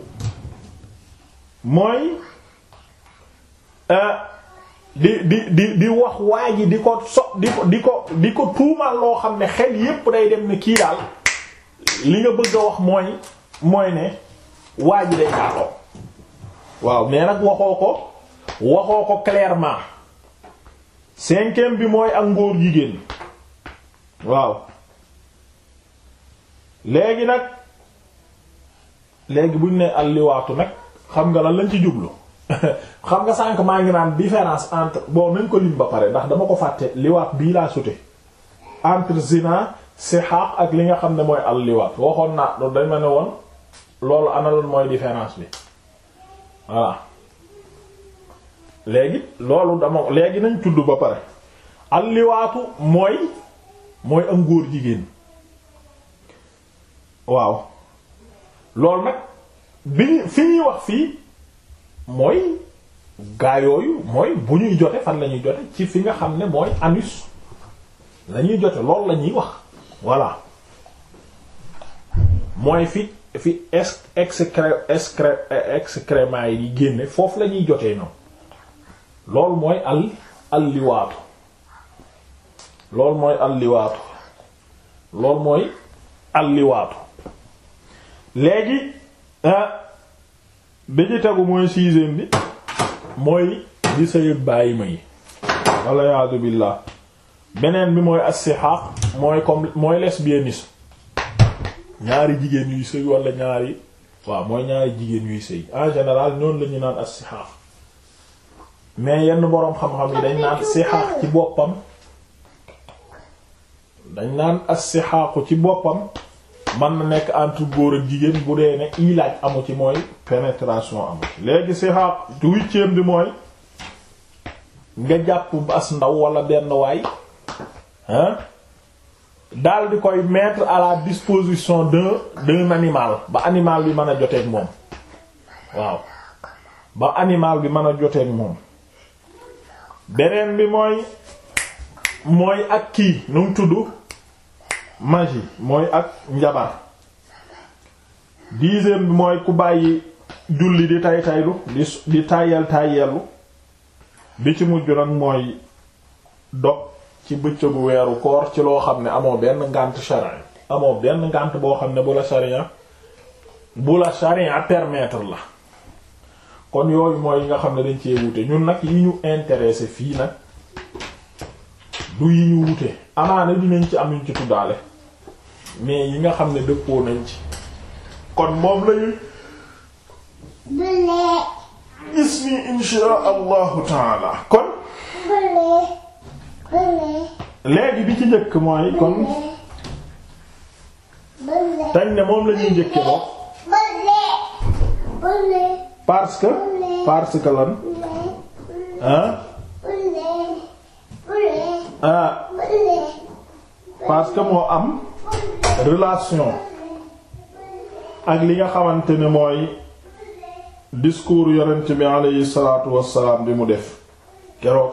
mooy euh, di di di di wax waa ji di ko so di ko di ko di ko tuumal loo xam ne xel yépp day dem ne kii daal li nga bëgg a wax mooy mooy ne waa day jaaloo waaw mais nag waxoo ko waxoo ko clairement cinquième bi mooy ak ngóor jigéen waaw léegi nag léegi buñ nee al liwaatu nag xam nga lan lañ ci jublu xam nga sànq maa ngi naan différence entre bon nañ ko lim ba pare ndax dama ko fàtte liwaat bii laa sute entre si sixaaq ak li nga xam ne mooy al liwaat waxoon naa loolu dañ ma ne woon loolu ana lan mooy différence bi voilà léegi loolu dama léegi nañ tudd ba pare al liwaatu mooy mooy am góor jigéen waaw loolu nag bi fi ñuy wax fii mooy gaa yooyu mooy bu ñuy jote fan lañuy ñuy jote ci fi nga xam ne mooy anus la ñuy jote loolu la ñuy wax voilà mooy fi fi ex excré excré excrément yi di génne foofu lañuy ñuy jotee ñoom loolu mooy al al liwaatu loolu mooy al liwaatu loolu mooy al liwaatu léegi ah, bi ci tegu mooy sixième bi mooy di sëyut bàyyi ma yi walla yaadu billaah beneen bi mooy assixaaq mooy comme mooy lesbianisme ñaari jigéen yuy sëy walla ñaari waaw mooy ñaari jigéen yuy sëy en général ñoonu la ñu naan assixaaq mais yenn boroom xam-xam yi dañ naan sixaaq ci boppam dañ naan as assixaaqu ci boppam man na nekk entre góor ak jigéen bu dee ne ilaaj amu ci mooy pénétration amu léegi si xaar huitième bi mooy nga jàpp bas ndaw wala benn waay hein daal koy mettre à la disposition d'un d'un animal ba animal bi mën a joteeg moom waaw ba animal bi mën a joteeg moom beneen bi mooy mooy ak kii nu tudd magie mooy ak njabar dixième bi mooy ku bàyyi julli di tay taylu di di tayel tayellu bi ci mujj nag mooy dog ci bëccëgu weeru koor ci loo xam ne amoo benn ngànt charia amoo benn ngànt boo xam ne bu la charia bu la charia permettre la kon yooyu mooy yi nga xam ne dañ cee wute ñun nag yi ñu intéresé fii nag du yi ñu wute amaana dinañ ci am ñu ci tuddaale mais yi nga xam ne dëppoo nañ ci kon moom lañuy gis ni insha allahu taala kon léegi bi ci njëkk mooy kon dañ ne moom lañuy njëkke bopp parce que lan ah ah que moo am relation ak li nga xamante ne mooy discours yonent bi bi mu def keroog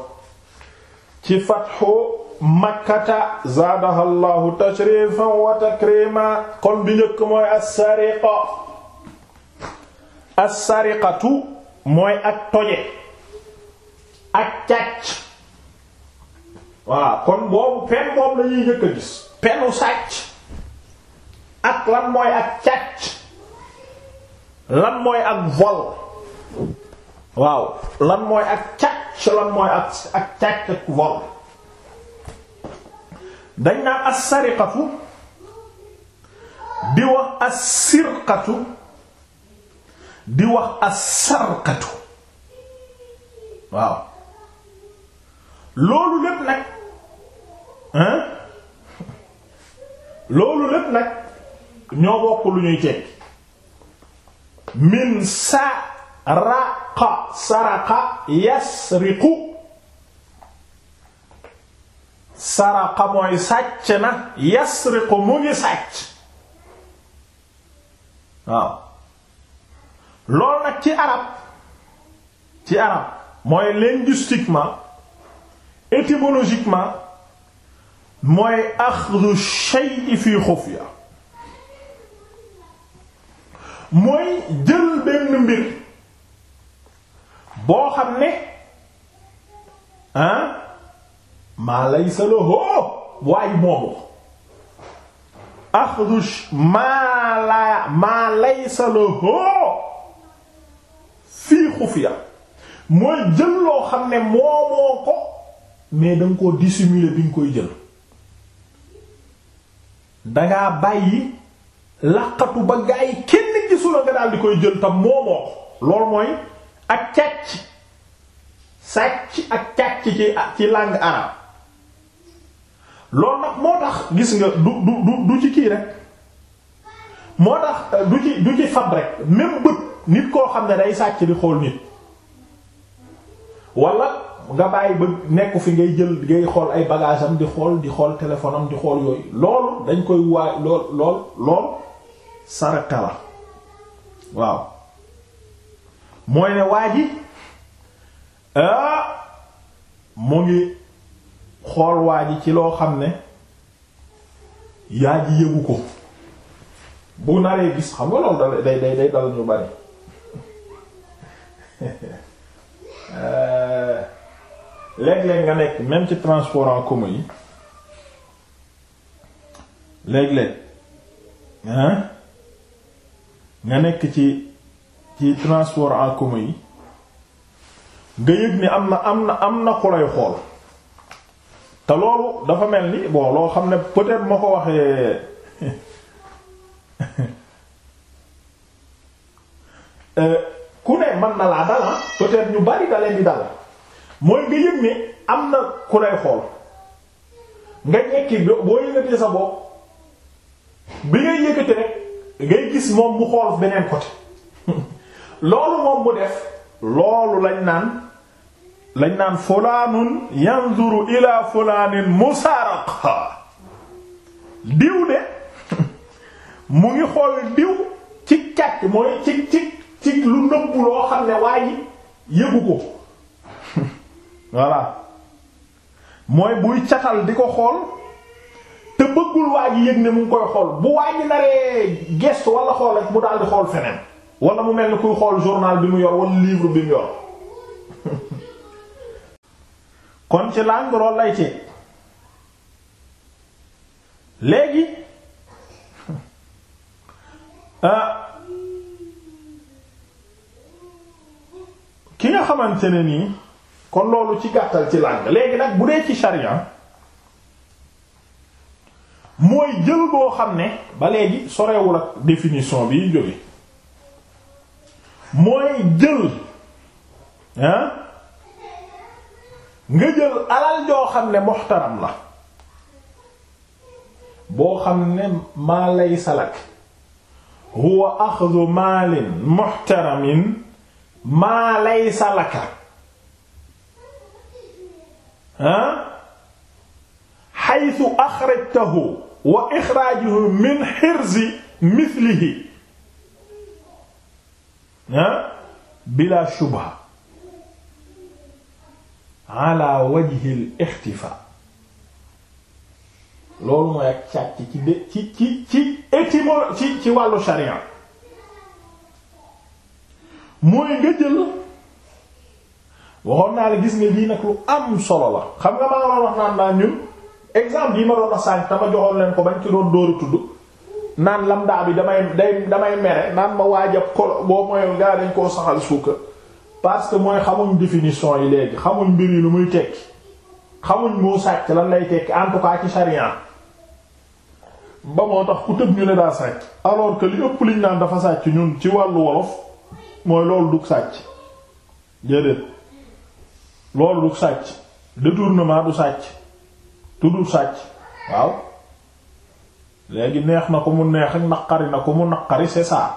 ci fatxu makkata zaadaha llahu tashrifan wa kon bi njëkk mooy assariqa mooy ak toje ak càcc waaw kon boobu pen boobu lañuy njëkk a gis penu sàcc ak lan mooy ak càcc lan mooy ak vol waaw lan mooy ak càcc lan mooy ak ak càcc ak vol dañ naan as-sariqatu di wax as-sirqatu di wax as-sarqatu waaw loolu lépp nag hein loolu lépp nag ñoo bokk lu ñuy tekki min saraqa saraqa yasriqu saraqa mooy sàcc na yasriqu mu ngi sàcc waaw loolu nag ci arab ci arab mooy linguistiquement étymologiquement mooy axdu shay'i fii xufya mooy jël benn mbir boo xam ne ah maa laysa lahu waaye moomu axdu maa la maa laysa lahu fii xufya mooy jël loo xam ne moomoo ko mais danga koo dissimuler bi nga koy jël danga bàyyi laqatu ba gaa yi kenn gisula nga daal di koy jël tam moomoo ko loolu mooy ak càcc sàcc ak càcc ci ci langue arabe nag moo tax gis nga du du du ci kii rek moo tax euh, du ci du ci fab rek même bët nit koo xam ne day sàcc di xool nit wala nga bàyyi ba nekku fi ngay jël ngay xool ay bagage am di xool di xool téléphone am di xool yooyu loolu dañ koy waay lool lool lool saraka la waaw mooy ne waa ji ah, mu ngi xool waa ji ci loo xam ne yaa ji yëgu ko bu naree gis xam nga loolu dal day day day bari eh. léeg-léeg nga nekk même ci transport en commun yi léeg nga nekk ci ci transport en commun yi nga yëg ni am na am na am na ku lay xool te loolu dafa mel ni bon loo xam ne peut-être ko waxee euh, ku ne mën na laa dal peut ñu bari da leen di dal mooy nga yëg ne am na ku lay xool nga ñekki boo yëgatee sa bopp bi ngay yëgate rek ngay gis moom mu xool beneen côté loolu moom mu def loolu lañ naan lañ naan fulaanun yanzuru ila fulaanin musaaraqa diw de mu ngi xool diw ci càcc mooy ci ci ci lu nëbbu xam ne waa ji yëgu ko voilà mooy buy catal di ko xool te bëggul waa ji yëg ne mu ngi koy xool bu waa ji naree gestu wala xool rek mu daal xool feneen wala mu mel ni kuy xool journal bi mu yor wala livre bi mu yor kon ci langue rool lay ci léegi euh, ki nga xamante ne nii kon loolu ci gàttal ci làng léegi nag bu dee ci sharia mooy jël boo xam ne ba léegi sorewul ak définition bi jóge mooy jël hein nga jël alal joo xam ne muxtaram la boo xam ne maa lay salak huwa axdu maalin muxtaramin maa lay salaka ah xaytu axrajtahu wa ixraajuhu min xirzi mislihi ah bila shubha ala wajhil ixtifa loolu mooy ak càcc ci de ci ci ci étymologie ci ci wàllu sharia mooy nga jël waxoon naa la gis nga lii nag lu am solo la xam nga maa wax naan naa ñun exemple yi ma doon a sànq dama joxoon leen ko bañ ci doon dóor a tudd naan lamda bi damay day damay mere naan ma waaj a ko boo mooy gaa dañ koo saxal suukar parce que mooy xamuñ définition yi léegi xamuñ mbir yi lu muy tekki xamuñ moo sàcc lan lay tekki en tout cas ci charia ba moo tax ku tëb ñu ne daa sàcc alors que li liñ naan dafa sàcc ñun ci wàllu wolof mooy loolu du sàcc loolu du sàcc détournement du sàcc tuddul sàcc waaw léegi neex na ko mu neex ak naqari na ko mu naqari c'est ça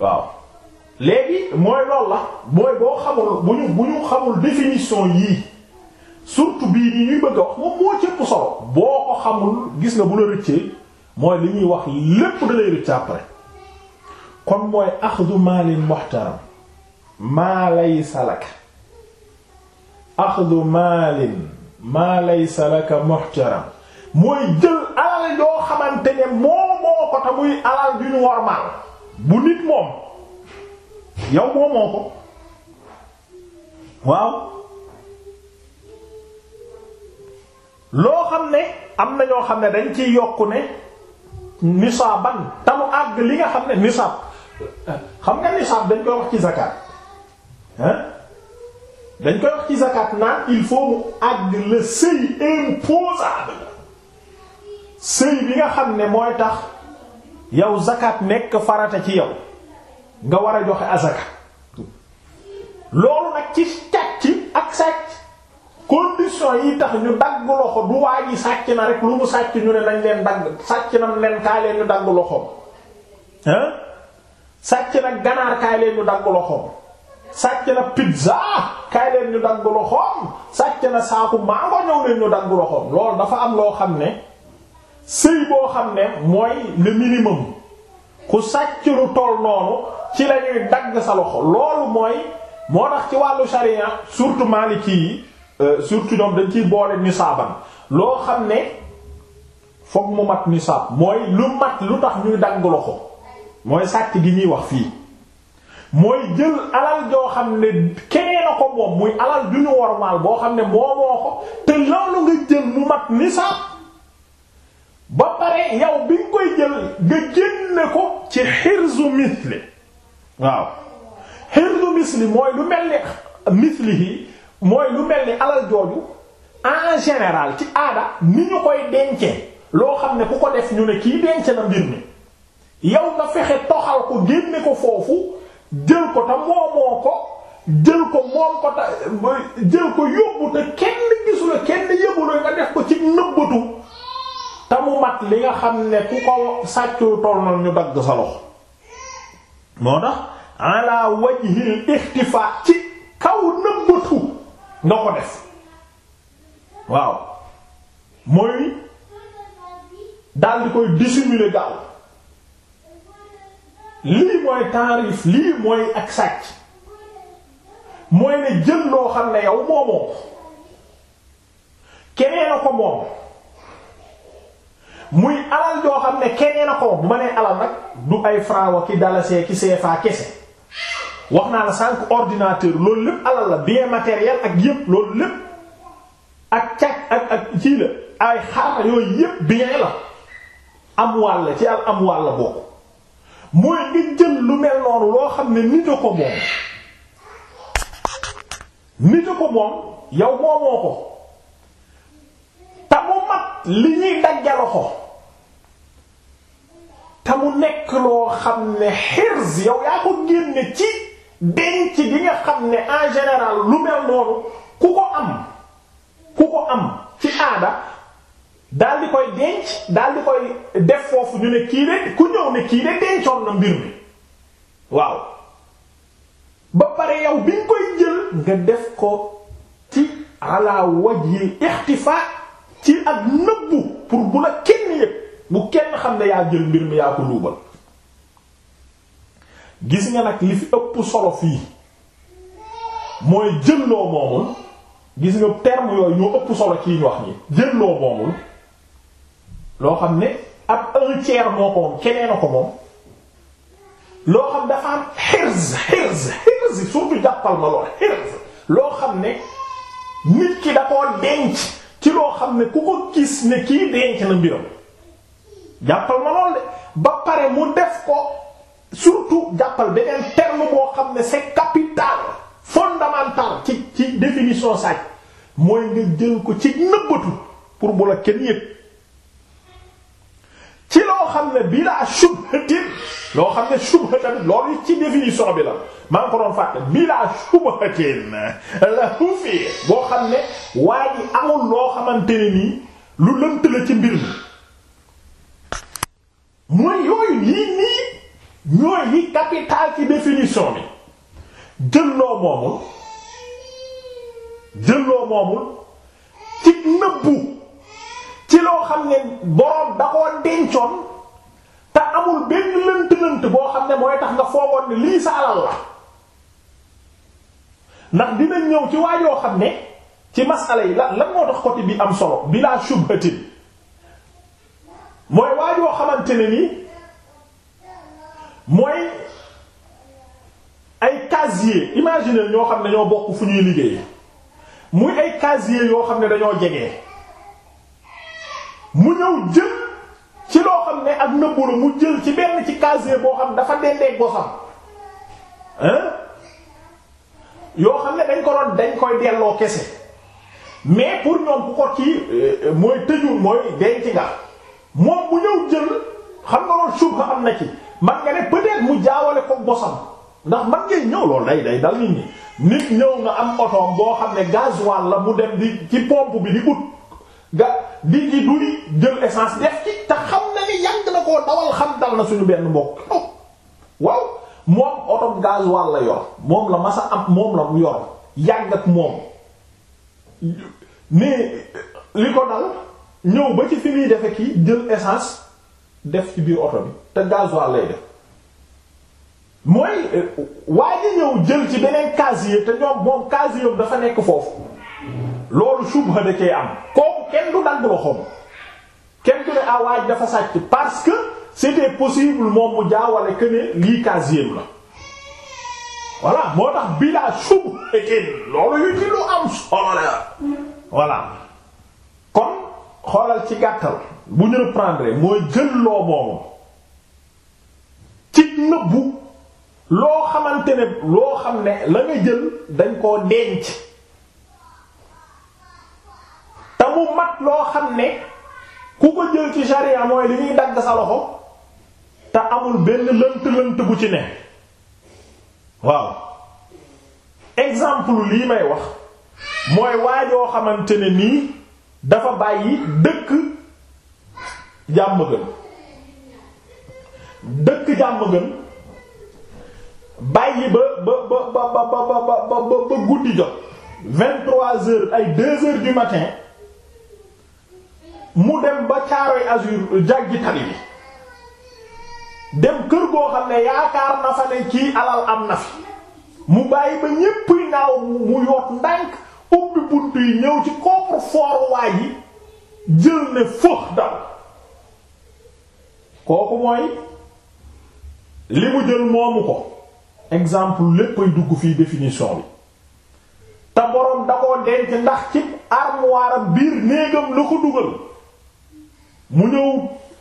waaw léegi mooy loolu la mooy boo xamul bu ñu xamul définition yii surtout bii nii ñuy bëgg a wax moom moo cëpp solo boo ko xamul gis nga bu la rëccee mooy li ñuy wax lépp da lay rëcc après kon mooy axdu maalin muhtaram maa lay salaka axdu maalin ma laysa laka muhtaram mooy jël alal yoo xamante ne moo ko te muy alal duñu normal bu nit moom yow moo ko waaw loo xam ne am na ñoo xam ne dañ ciy yokku ne nisaaban tamu àgg li nga xam ne nisaab xam nga nisaab dañ koy wax ci zakat dañ koy wax ci zakat naan il faut mu àgg le seuil imposable seuil bi nga xam ne mooy tax yow zakat nekk farata ci yow nga war a joxe azaka loolu nag ci càcc ak sàcc condition yi tax ñu dagg loxo du waa ji sàcc na rek lu mu sàcc ñu ne nañ leen dagg sàcc nam leen kaay leen ñu dagg loxoom hein sàcc nag ganaar leen ñu dagg loxoom sàcc na pizza kaay leen ñu dagg loxoom sàcc na saaku mango ñëw leen ñu dagg loxoom loolu dafa am loo xam ne sëy boo xam ne mooy le minimum ku sàcc lu noonu ci sa loxo loolu mooy moo tax ci wàllu sharia surtout maliki yi euh, surtout ñoom dañ ciy boole nisaaban loo xam ne fokk mu mat nisaab mooy lu mat lu tax ñuy dagg loxo mooy sàcc gi ñuy wax fii mooy jël alal joo xam ne keneen a ko moom muy alal ju ñu boo xam ne moomoo ko te loolu nga jël mu mat nisaab ba pare yow bi nga koy jël nga génne ko ci xirzu misli waaw xirzu misli mooy lu mel ni misli yi mooy lu mel ni alal jooju en général ci aada ni ñu koy dencee loo xam ne ku ko def ñu ne kii denc na mbir mi yow nga fexe toxal ko génne ko foofu jël ko te moomoo ko jël ko moom ko te jël ko yóbbu te kenn gisu kenn yëgu la nga def ko ci nëbbatu te mu mat li nga xam ne ku ko sàccu toll na ñu dagg sa loxo moo tax ala wajhil ixtifaa ci kaw nëbbatu nga ko def waaw mooy daal di koy dissimuler gaaw lii mooy taarif lii mooy ak sàcc mooy ne jël loo xam ne yow moomoo ko keneen a ko moom muy alal joo xam ne keneen a ko bu ma nee alal nag du ay franc ki dalasee ki CFA kese wax naa la sànq ordinateur loolu lépp alal la bien matériel ak yépp loolu lépp ak càcc ak ak ci la ay xaar yooyu yépp bien la am wàll ci al am wàll boobu. mooy nga jël lu mel noonu loo xam ne nit a ko moom nit a moom yow moomoo ko te mu mat li ñuy dajjalo ko te mu nekk loo xam ne xirs yow yaa ko génne ci denc gi nga xam ne en général lu mel noonu ku ko am ku ko am ci aada daal di koy denc daal koy def foofu ñu ne kii de ku ñëw ne kii de dencoon na mbir mi waaw ba pare yow bi nga koy jël nga def ko ci ala wajhi ixtifa ci ak nëbbu pour bu la kenn yëg bu kenn xam ne yaa jël mbir mi yaa ko luubal gis nga nag li fi ëpp solo fii mooy jëlloo moomul gis nga terme yooyu ëpp solo ci ñu wax ni jëlloo moomul loo xam ne ab un moo ko moom keneen a ko moom loo xam dafa am xirz xirz xirz surtout jàppal ma lool xirz loo xam ne nit ki da denc ci loo xam ne ku ko gis ne kii denc na mbiram jàppal ma lool de ba pare mu def ko surtout jàppal beneen terme boo xam ne c'est capital fondamental ci ci définition sàcc mooy nga jël ko ci nëbbatu pour bu la kenn yëg xam ne bilaa shubhatin loo xam ne shubha tamit loolu ci définition bi la maa ngi ko doon fàtte bilaa shubhatin lahu fi boo xam ne waa ji amul loo xamante ni nii lu lënt la ci mbir mi mooy yooyu yii nii ñooy yi capital ci définition bi jël loo moomul jël loo moomul ci nëbbu ci loo xam ne boroom da koo dencoon te amul benn lënt-lënt boo xam ne mooy tax nga foogoon ne lii sa alal la ndax dinañ ñëw ci waa yoo xam ne ci masala yi la lan moo tax côté bi am solo bila shubhatin mooy waa yoo xamante ne nii mooy ay casier imaginer ñoo xam ne ñoo bokk fu ñuy liggéey muy ay casier yoo xam ne dañoo jege mu ñëw jël. ci loo xam ne ak nëbbu la mu jël ci benn ci casier boo xam dafa dendee gosam hein yoo xam ne dañ ko doon dañ koy delloo kese mais pour ñoom ku ko ci euh, mooy tëjul mooy denc nga moom bu ñëw jël xam nga loolu subha am na ci man nga ne peut mu jaawale ko bosam ndax man ngay ñëw loolu day day dal nit ñi nit ñëw nga am otoom boo xam ne gasoil la mu dem di ci pompe bi di ut nga di di duli jël essence def ci te xam na ni yàgg na koo dawal xam dal na suñu benn mbokk oh, waaw moom oto gasoil la yor moom la masa am moom la yor yàgg ak moom nii li ko dal ñëw ba ci fi muy defe kii jël essance def ci biir oto bi te gasoil lay def mooy euh, waaye ñëw jël ci beneen casier te ñoom moom casier dafa nekk foofu loolu subha da cee am kooku kenn du dagg loxoom kenn du ne awaaj ah, dafa sàcc parce que c'était possible moom mu jaawale que ne lii quinzième la voilà moo tax bilaa subha loolu yu ci lu am solo la voilà kon xoolal ci gàttal bu ñu reprendre mooy jël loo moomu ci nëbbu loo xamante ne loo xam ne la nga jël dañ koo denc mu mat loo xam ne ku ko jël ci sharia mooy li ñuy dagg sa loxo te amul benn lënt lënt bu ci ne waaw exemple lii may wax mooy waajoo xamante ne nii dafa bàyyi dëkk jàmm gën dëkk jàmm gën bàyyi ba ba ba ba ba ba ba ba guddi jot vingt-trois heures ay deux heures du matin mu dem ba caaroy azur jàggi tali bi dem kër goo xam ne yaakaar na fa ne kii alal am na mu bàyyi ba ñéppuy naaw mu yoot ndànk ubbi bunt yi ñëw ci coffre-fort waa ji jël ne fëx daw kooku mooy li mu jël moomu ko exemple léppay dugg fii définition bi te boroom da koo denc ndax ci armoire biir néegam la ko dugal mu ñëw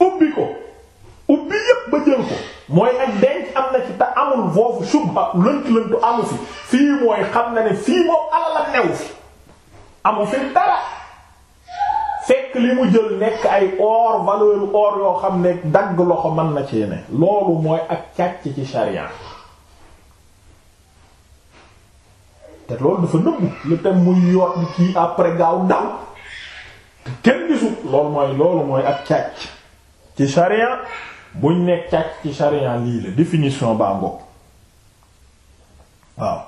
ubbi ko ubbi yépp ba jël ko mooy ak denc am na ci te amul foofu subha lënt-lëntu amu fi fii mooy xam na ne fii moom alal la new fi amu fi dara fekk li mu jël nekk ay or valeur or yoo xam ne dagg loxo mën na ci ne loolu mooy ak càcc ci sharia te loolu dafa nëbbu le temps muy yoot bi kii après gaaw daw kenn gisul loolu mooy loolu mooy ak càcc ci sharia buñ nekk càcc ci sharia lii la définition baa ngoog waaw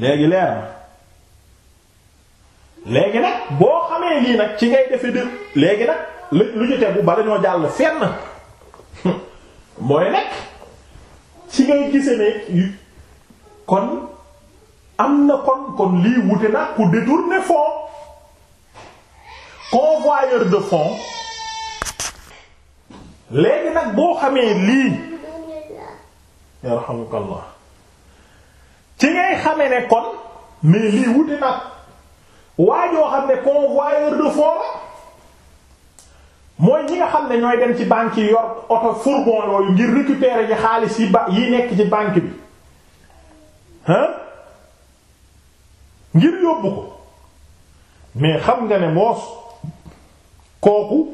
léegi leer na léegi nag boo xamee lii nag ci ngay defe dël léegi nag lu ñu tegu ba dañoo jàll fenn mooy nag ci ngay gise kon am na kon kon lii wute nag ku détourner foo convoyeur de fonds léegi nag boo xamee lii yarhamukallah ci ngay xamee ne kon mais lii wuti nag waa joo xam ne convoyeur de fonds mooy ñi nga xam ne ñooy dem ci banque yi yor oto fourgon yooyu ngir récupérer ji xaalis yi ba yi nekk ci banque bi hein ngir yóbbu ko mais xam nga ne moos kooku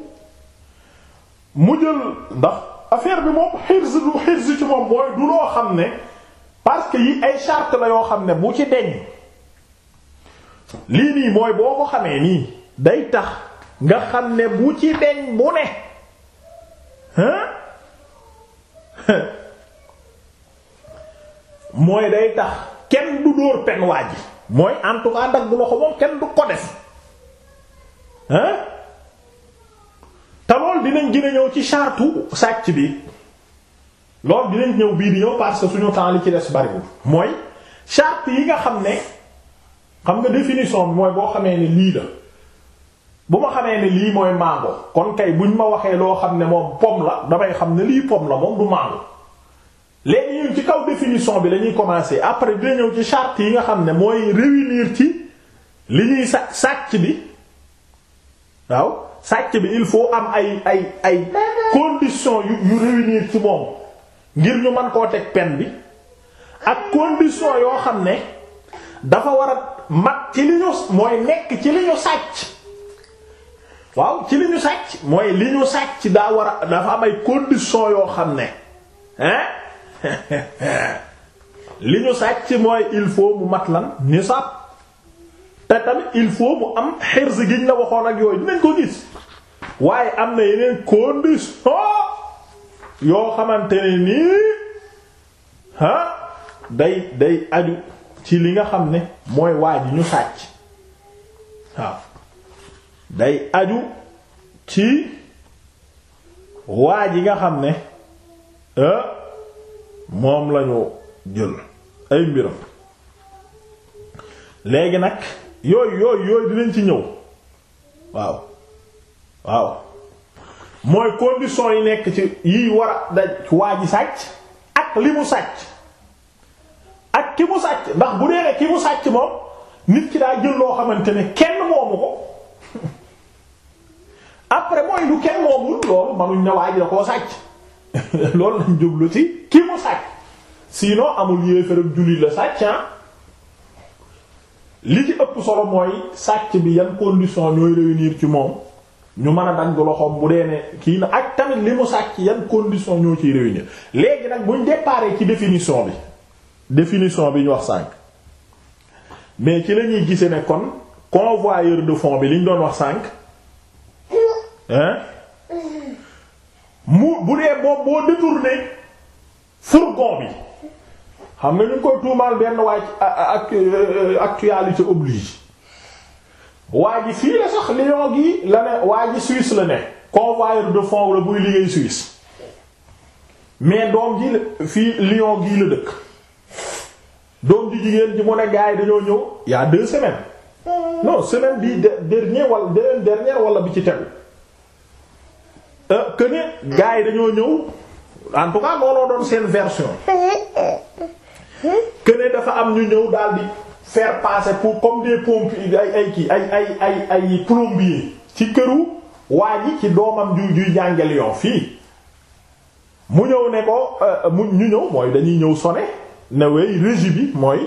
mu jël ndax affaire bi moom xirsi lu xirsi ci moom mooy du loo xam ne parce que yi ay charte la yoo xam ne bu ci deñ lii nii mooy boo ko xamee nii day tax nga xam ne bu ci deñ bu ne mooy day tax kenn du dóor pen waa mooy en tout cas ndax bu la ko moom kenn du ko def hein lool dinañ gën a ñëw ci chartu sàcc bi loolu dinañ ñëw bii di ñëw parce que suñu temps li ci des bariwul mooy charte yi nga xam ne xam nga définition bi mooy boo xamee ne lii la bu ma xamee ne lii mooy mango kon kay ñu ma waxee loo xam ne moom pomme la damay xam ne lii pomme la moom du mango léegi ñun ci kaw définition bi lañuy commencer après dina ñëw ci charte yi nga xam ne mooy réunir ci li ñuy sa sàcc bi waaw sàcc bi il faut am ay ay ay conditions yu yu réunir ci moom ngir ñu man koo teg peine bi ak conditions yoo xam ne dafa war a mat ci li ñu mooy nekk ci li ñu sàcc waaw ci li ñu sàcc mooy li ñu sàcc daa war a dafa am ay conditions yoo xam ne hein li ñu sàcc mooy il faut mu mat lan nisab te tamit il faut mu am gi giñ la waxoon ak yooyu dinañ ko gis waaye am na yeneen condition yoo xamante ne nii ah day day aju ci li nga xam ne mooy waa aju ci waa ji nga xam ne moom lañu jël ay mbiram léegi nag yooyu yooyu yooyu dinañ ci ñëw waaw waaw mooy condition yi nekk ci yi war a daj waa ji sàcc ak li mu sàcc ak ki mu sàcc ndax bu dee ne ki mu sàcc moom nit ki daa jël loo xamante ne kenn moomu ko après mooy lu kenn moomul loolu manuñ ne waa ji da koo sàcc loolu lañ jublu ci ki mu sàcc sinon amul yéefar ak jullit la sàcc ah. li ci ëpp solo mooy sàcc bi yan condition ñooy réunir ci moom ñu mën a dagg loxoom bu dee ne kii na ak tamit li mu sàcc yan condition ñoo ciy réunir léegi nag buñ déparé ci définition bi definision bi ñu wax sànq mais ci lañuy ñuy gise ne kon convoyeur de fonds bi li ñu doon wax sànq hein mu bu dee boobu boo détourné fourgon bi xam nga ñu ngi koy tuumaal benn waay ak euh, actualité oblige waa ji fii la sax Lyon gi la ne waa ji Suisse la ne convoyeur de fonds la buy liggéey Suisse mais doom ji fii Lyon gii la dëkk doom ji jigéen ji mu ne gars dañoo ñëw y a deux semaines non semaine bii dernier wala dernière dernière wala bi ci tegu euh, que ne yi dañoo ñëw en tout doon seen version que dafa am ñu ñëw daal di faire passer pour comme des pompiers ay ay kii ay ay ay ay plombier ci këru waa ji ci doomam ju juy jànge Lyon fii mu ñëw ne euh, mu ñu ñëw mooy dañuy ñëw sone ne wey bi mooy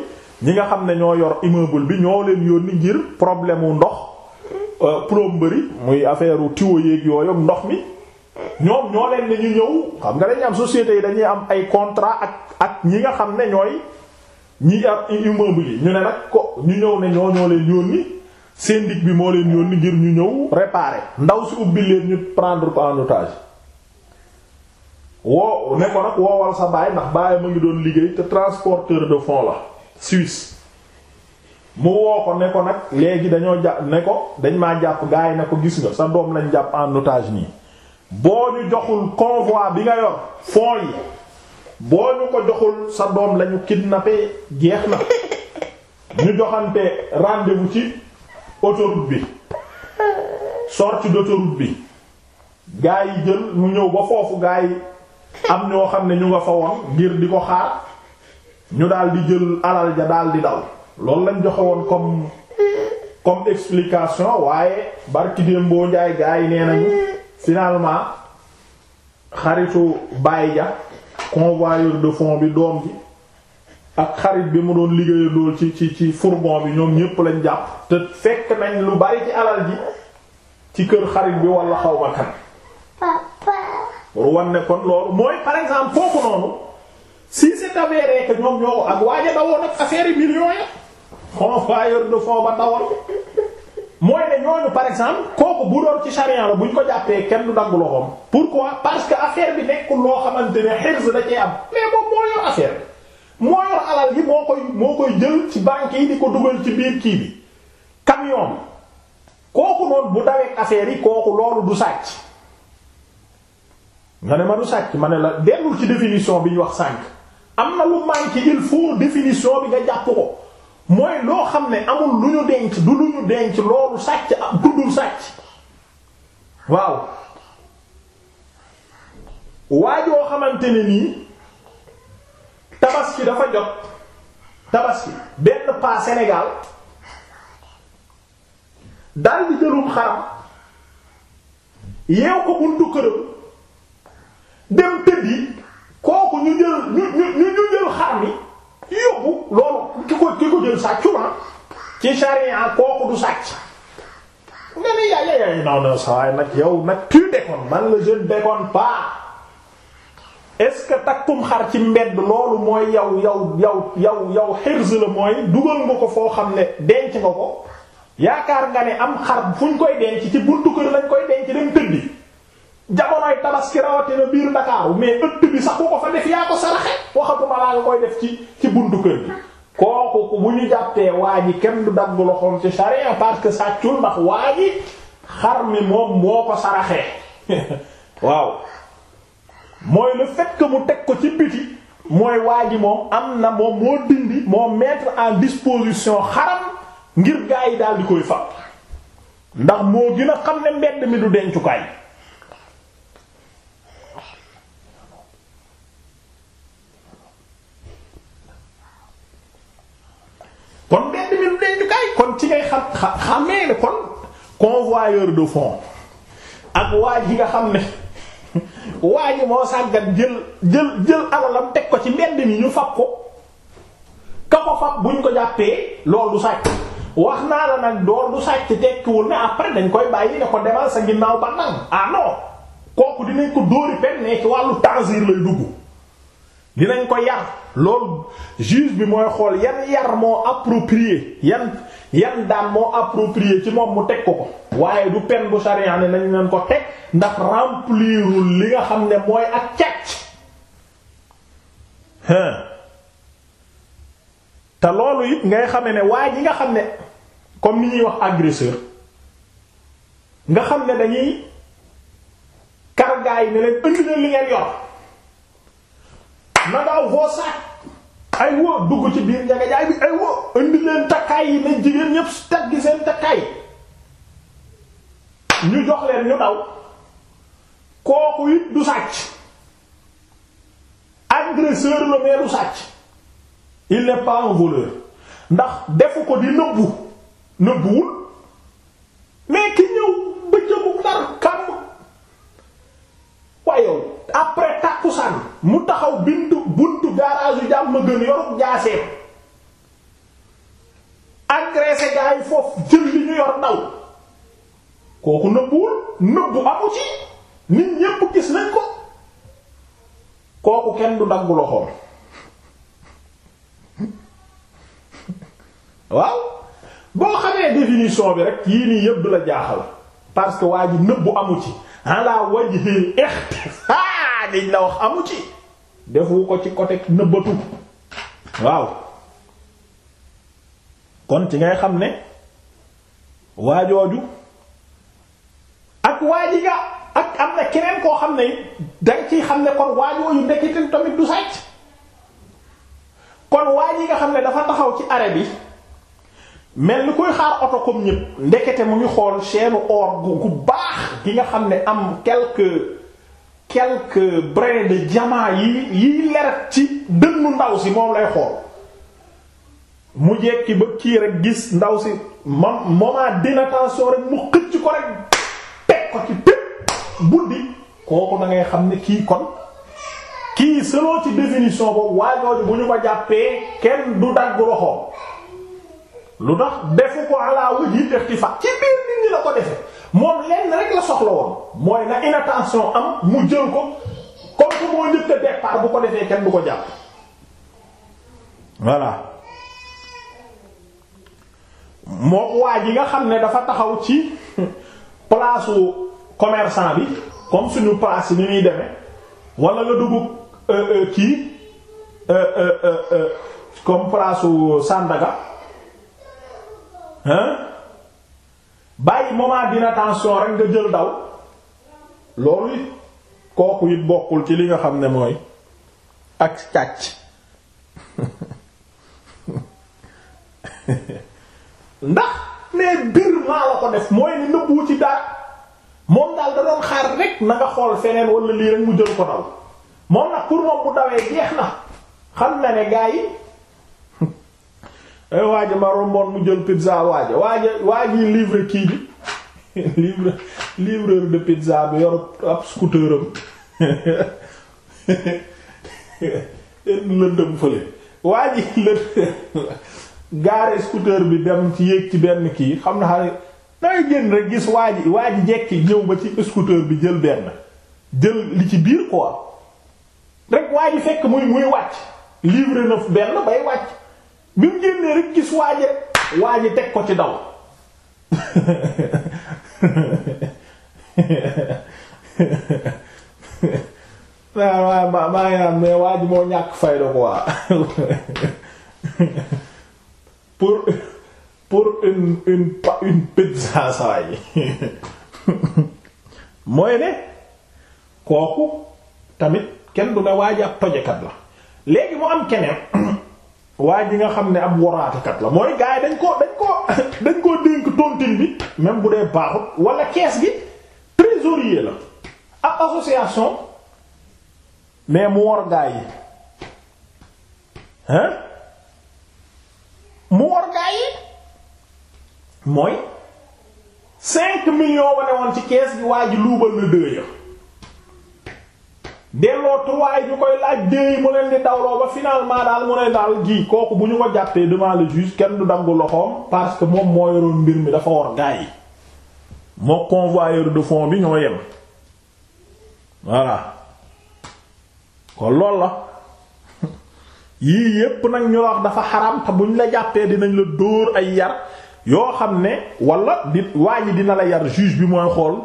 ñi nga xam ne ñoo yor immeuble bi ñoo leen yónni ngir problème mu ndox euh, plomberie muy affaire u tuyaux yeeg yooyu ndox mi. ñoom ñoo leen ne ñu ñëw xam nga dañuy am sociétés yi dañuy am ay contrat ak ak ñi nga xam ne ñooy ñi am immeuble yi ñu ne nag ko ñu ñëw ne ñoo ñoo leen yónni syndic bi moo leen yónni ngir ñu ñëw réparer ndaw si ubbi leen ñu prendre ko en otage woo ne ko nag woowal sa baay ndax baay ma ngi doon liggéey te transporteur de fonds la Suisse mu woo ko ne ko nag léegi dañoo jà ne ko dañ maa jàpp gars yi ne ko gis nga sa doom lañ jàpp en otage nii boo ñu joxul convoi bi nga yor fonds yi boo ñu ko joxul sa doom lañu kidnappé jeex na ñu joxante rendez-vous ci autoroute bi sortie d'autoroute bi gaa yi jël mu ñëw ba foofu gaa yi am ñoo xam ne ñu nga fa woon ngir di ko xaar ñu daldi di jël alal ja daal di daw loolu lañ joxe woon comme explication waaye barki démboo njaay gaa yi nee nañu finalement xaritu baay ja convoyeur de fonds bi doom ji ak xarit bi mu doon liggéeya lool ci ci ci fourgon bi ñoom ñépp lañ jàpp te fekk nañ lu bari ci alal ji ci kër xarit bi walla xaw ma kan pour wan ne kon loolu mooy par exemple kooku noonu si c'est avéré ñoom ñoo ak waaja dawoon ak affaire millions ya convoyeur de fonds ba dawal mooy ne ñooñu par exemple kooku bu doon ci charia la buñ ko jàppee kenn du dagg loxoom. pourquoi parce que affaire bi nekkul loo xamante ne xirs da cee am mais moom moo yor affaire bi moo yor alal yi moo koy moo koy jël ci banque yi di ko dugal ci biir kii bi camion kooku noonu bu dawee affaire yi kooku loolu du sàcc nga ne ma du sàcc ma ne la dellul ci définition bi ñu wax sànq am na lu manqué il faut définition bi nga jàpp ko. mooy loo xam ne amul lu ñu denc du lu ñu denc loolu sàcc am tuddul sàcc waaw waajoo xamante ne nii tabaski dafa jot tabaski benn paa Sénégal dal di jëlum xaram yeew ko buntu këram dem tëddi kooku ñu jël ñu ñu ñu jël xar mi yóbbu loolu ki ko ki ko jël sàccu ma ah. ci charia ah, kooku du sàcc nga ne yaay yaay yaay sawaay nag yow nag tu déconnes man la je ne déconne pas est-ce que takkum xar ci mbedd loolu mooy yow yow yow yow yow xirs la mooy dugal nga ko foo xam ne denc nga ko yaakaar nga ne am xar fu ñu koy denc ci buntu kër lañ koy denc dem tëddi jamonoy tabaski rawatina biir Ndakaaru mais ëtt bi sax ku ko fa def yaa ko saraxe waxatuma laa koy def ci ci buntu kër gi kooku bu ñu jàppee waa ji kenn du dagg loxoom ci charia parce que sàccul ndax waa xar mi moom moo ko saraxee waaw mooy le fait mu teg ko ci biti mooy waa ji moom am na moom moo dindi moo mettre en disposition xaram ngir gaa yi daal di koy fa ndax moo gën a xam ne mbedd mi du dencukaay kon mbedd mi lu dencukaay kon ci ngay xam xamee ne kon convoyeur de fonds ak waa ji nga xam ne waa ji moo sàggat jël jël jël alalam teg ko ci mbedd mi ñu fab ko ka ko fab buñ ko jàppee loolu du sàcc wax naa la nag door du sàcc tekkiwul ne après dañ koy bàyyi ne ko demal sa ginnaaw ba nang ah non kooku dinañ ko dóori pen ne ci wàllu tanzir lay dugg dinañ ko yar loolu juge bi mooy xool yan yar moo approprié yan yan daan moo approprié ci moom mu teg ko ko waaye du pen bu charia ne nañ leen ko teg ndax remplirul li nga xam ne mooy ak càcc te loolu it ngay xame ne waaye ji nga xam ne comme ni ñuy wax agresseur nga xam ne dañuy kargaay ne leen indi leen li ngeen yor na daaw foo saak ay woo dugg ci biir njaga jaay bi ay woo indi takkaay yi nañ jigéen ñépp taggi seen takkaay ñu jox ñu daw kooku it du sàcc agresseur la sàcc il n'est pas un ndax defu ko di nëbbu nëbbuwul mais ki ñëw bëccëgu ndar kam waaye yow après tàkkusaan mu taxaw bintu buntu garage yu jàmm ma gën yorub jaasee agressé gars yi foofu jël li ñu yor daw kooku nëbbuwul nëbbu amu ci nit ñépp gis nañ ko kooku kenn du daggu loxoom waaw boo xamee définition bi rek yii nii yëpp la jaaxal parce que waa ji nëbbu amu ci ala wajhi ikhtifa gaa giñ la wax amu ci defu ko ci côté nëbbatu waaw kon ci ngay xam ne waajooju ak waaji ga ak am na keneen koo xam ne danga ciy xam ne kon waajooju ndekkitin tamit du sàcc kon yi nga xam ne dafa taxaw ci arrêt bi mel ni kuy xaar oto comme ñépp ndekete mu ngi xool seenu or gu baax gi nga xam ne am quelque quelques brins de diamant yi yiy leret ci dënnu ndaw si moom lay xool mu jekki ba kii rek gis ndaw si moom moment d'inattention rek mu xëcc ko rek teg ko ci pépp buddi kooku da ngay xam ne kii kon kii sëloo ci définition boobu waajooju bu ñu ko jàppee kenn du dagg loxoom lu tax defu ko ala wajhi ihtifa ci biir nit ñi la ko defe moom lenn rek la soxla woon mooy na inattention am mu jël ko comme que moo njëkk a bu ko defee kenn du ko jàpp voilà moo waa ji nga xam ne dafa taxaw ci place commerçant bi comme suñu place ni muy demee walla nga dugg ci euh, euh, euh, comme place Sandaga hein bàyyi moment d'inattention rek nga jël daw loolu it kooku it bokkul ci li nga xam ne mooy ak càcc ndax mais biir maa la ko def mooy ni nëbbu ci daal moom la da doon xaar rek na xool feneen wala lii rek mu jël ko daw moom nag pour moom bu dawee jeex na xam na ne gaa yi. ay waaja ma romboon mu jël pizza waaja waaj waaji livre kii bi livre livreur de pizza bi yor ab scooter am fële waa ji lë gaare scooter bi dem ci yéeg ci benn kii xam na xare dangay génn rek gis waa ji waa jekki ñëw ba ci scooter bi jël benn jël li ci biir quoi rek waa fekk muy muy wàcc livre na benn bay wàcc mu génnee rek gis waaje waaje teg ko ci daw waaw waaw maa ngi naan mais waa moo ñàkk fayda quoi pour pour une une une pizza saa yi mooy ne kooku tamit kenn du ne waa ak tojekat la léegi mu am keneen. waaye ji nga xam ne am waraatekat la mooy gars yi dañ koo dañ koo koo dénk tontine bi même bu dee baaxut wala kees gi trésorier la ab association mais mu war gars yi hein mu war gars yi mooy cinq millions wane woon ci kees gi waa ji luubal na deux delloo tuwaay ñu koy laaj déey mu leen di dawloo ba finalement daal mu ne daal gi kooku bu ñu ko jàppee devant le juge kenn du dangu loxoom parce que moom moo yoroon mbir mi dafa war gaa yi moo convoyeur de bi ñoo yem kon lool la yii yépp nag ñu la wax dafa xaram te buñ la jàppee dinañ la dóor ay yar yoo xam ne walla di waa ji dina la yar juge bi mooy xool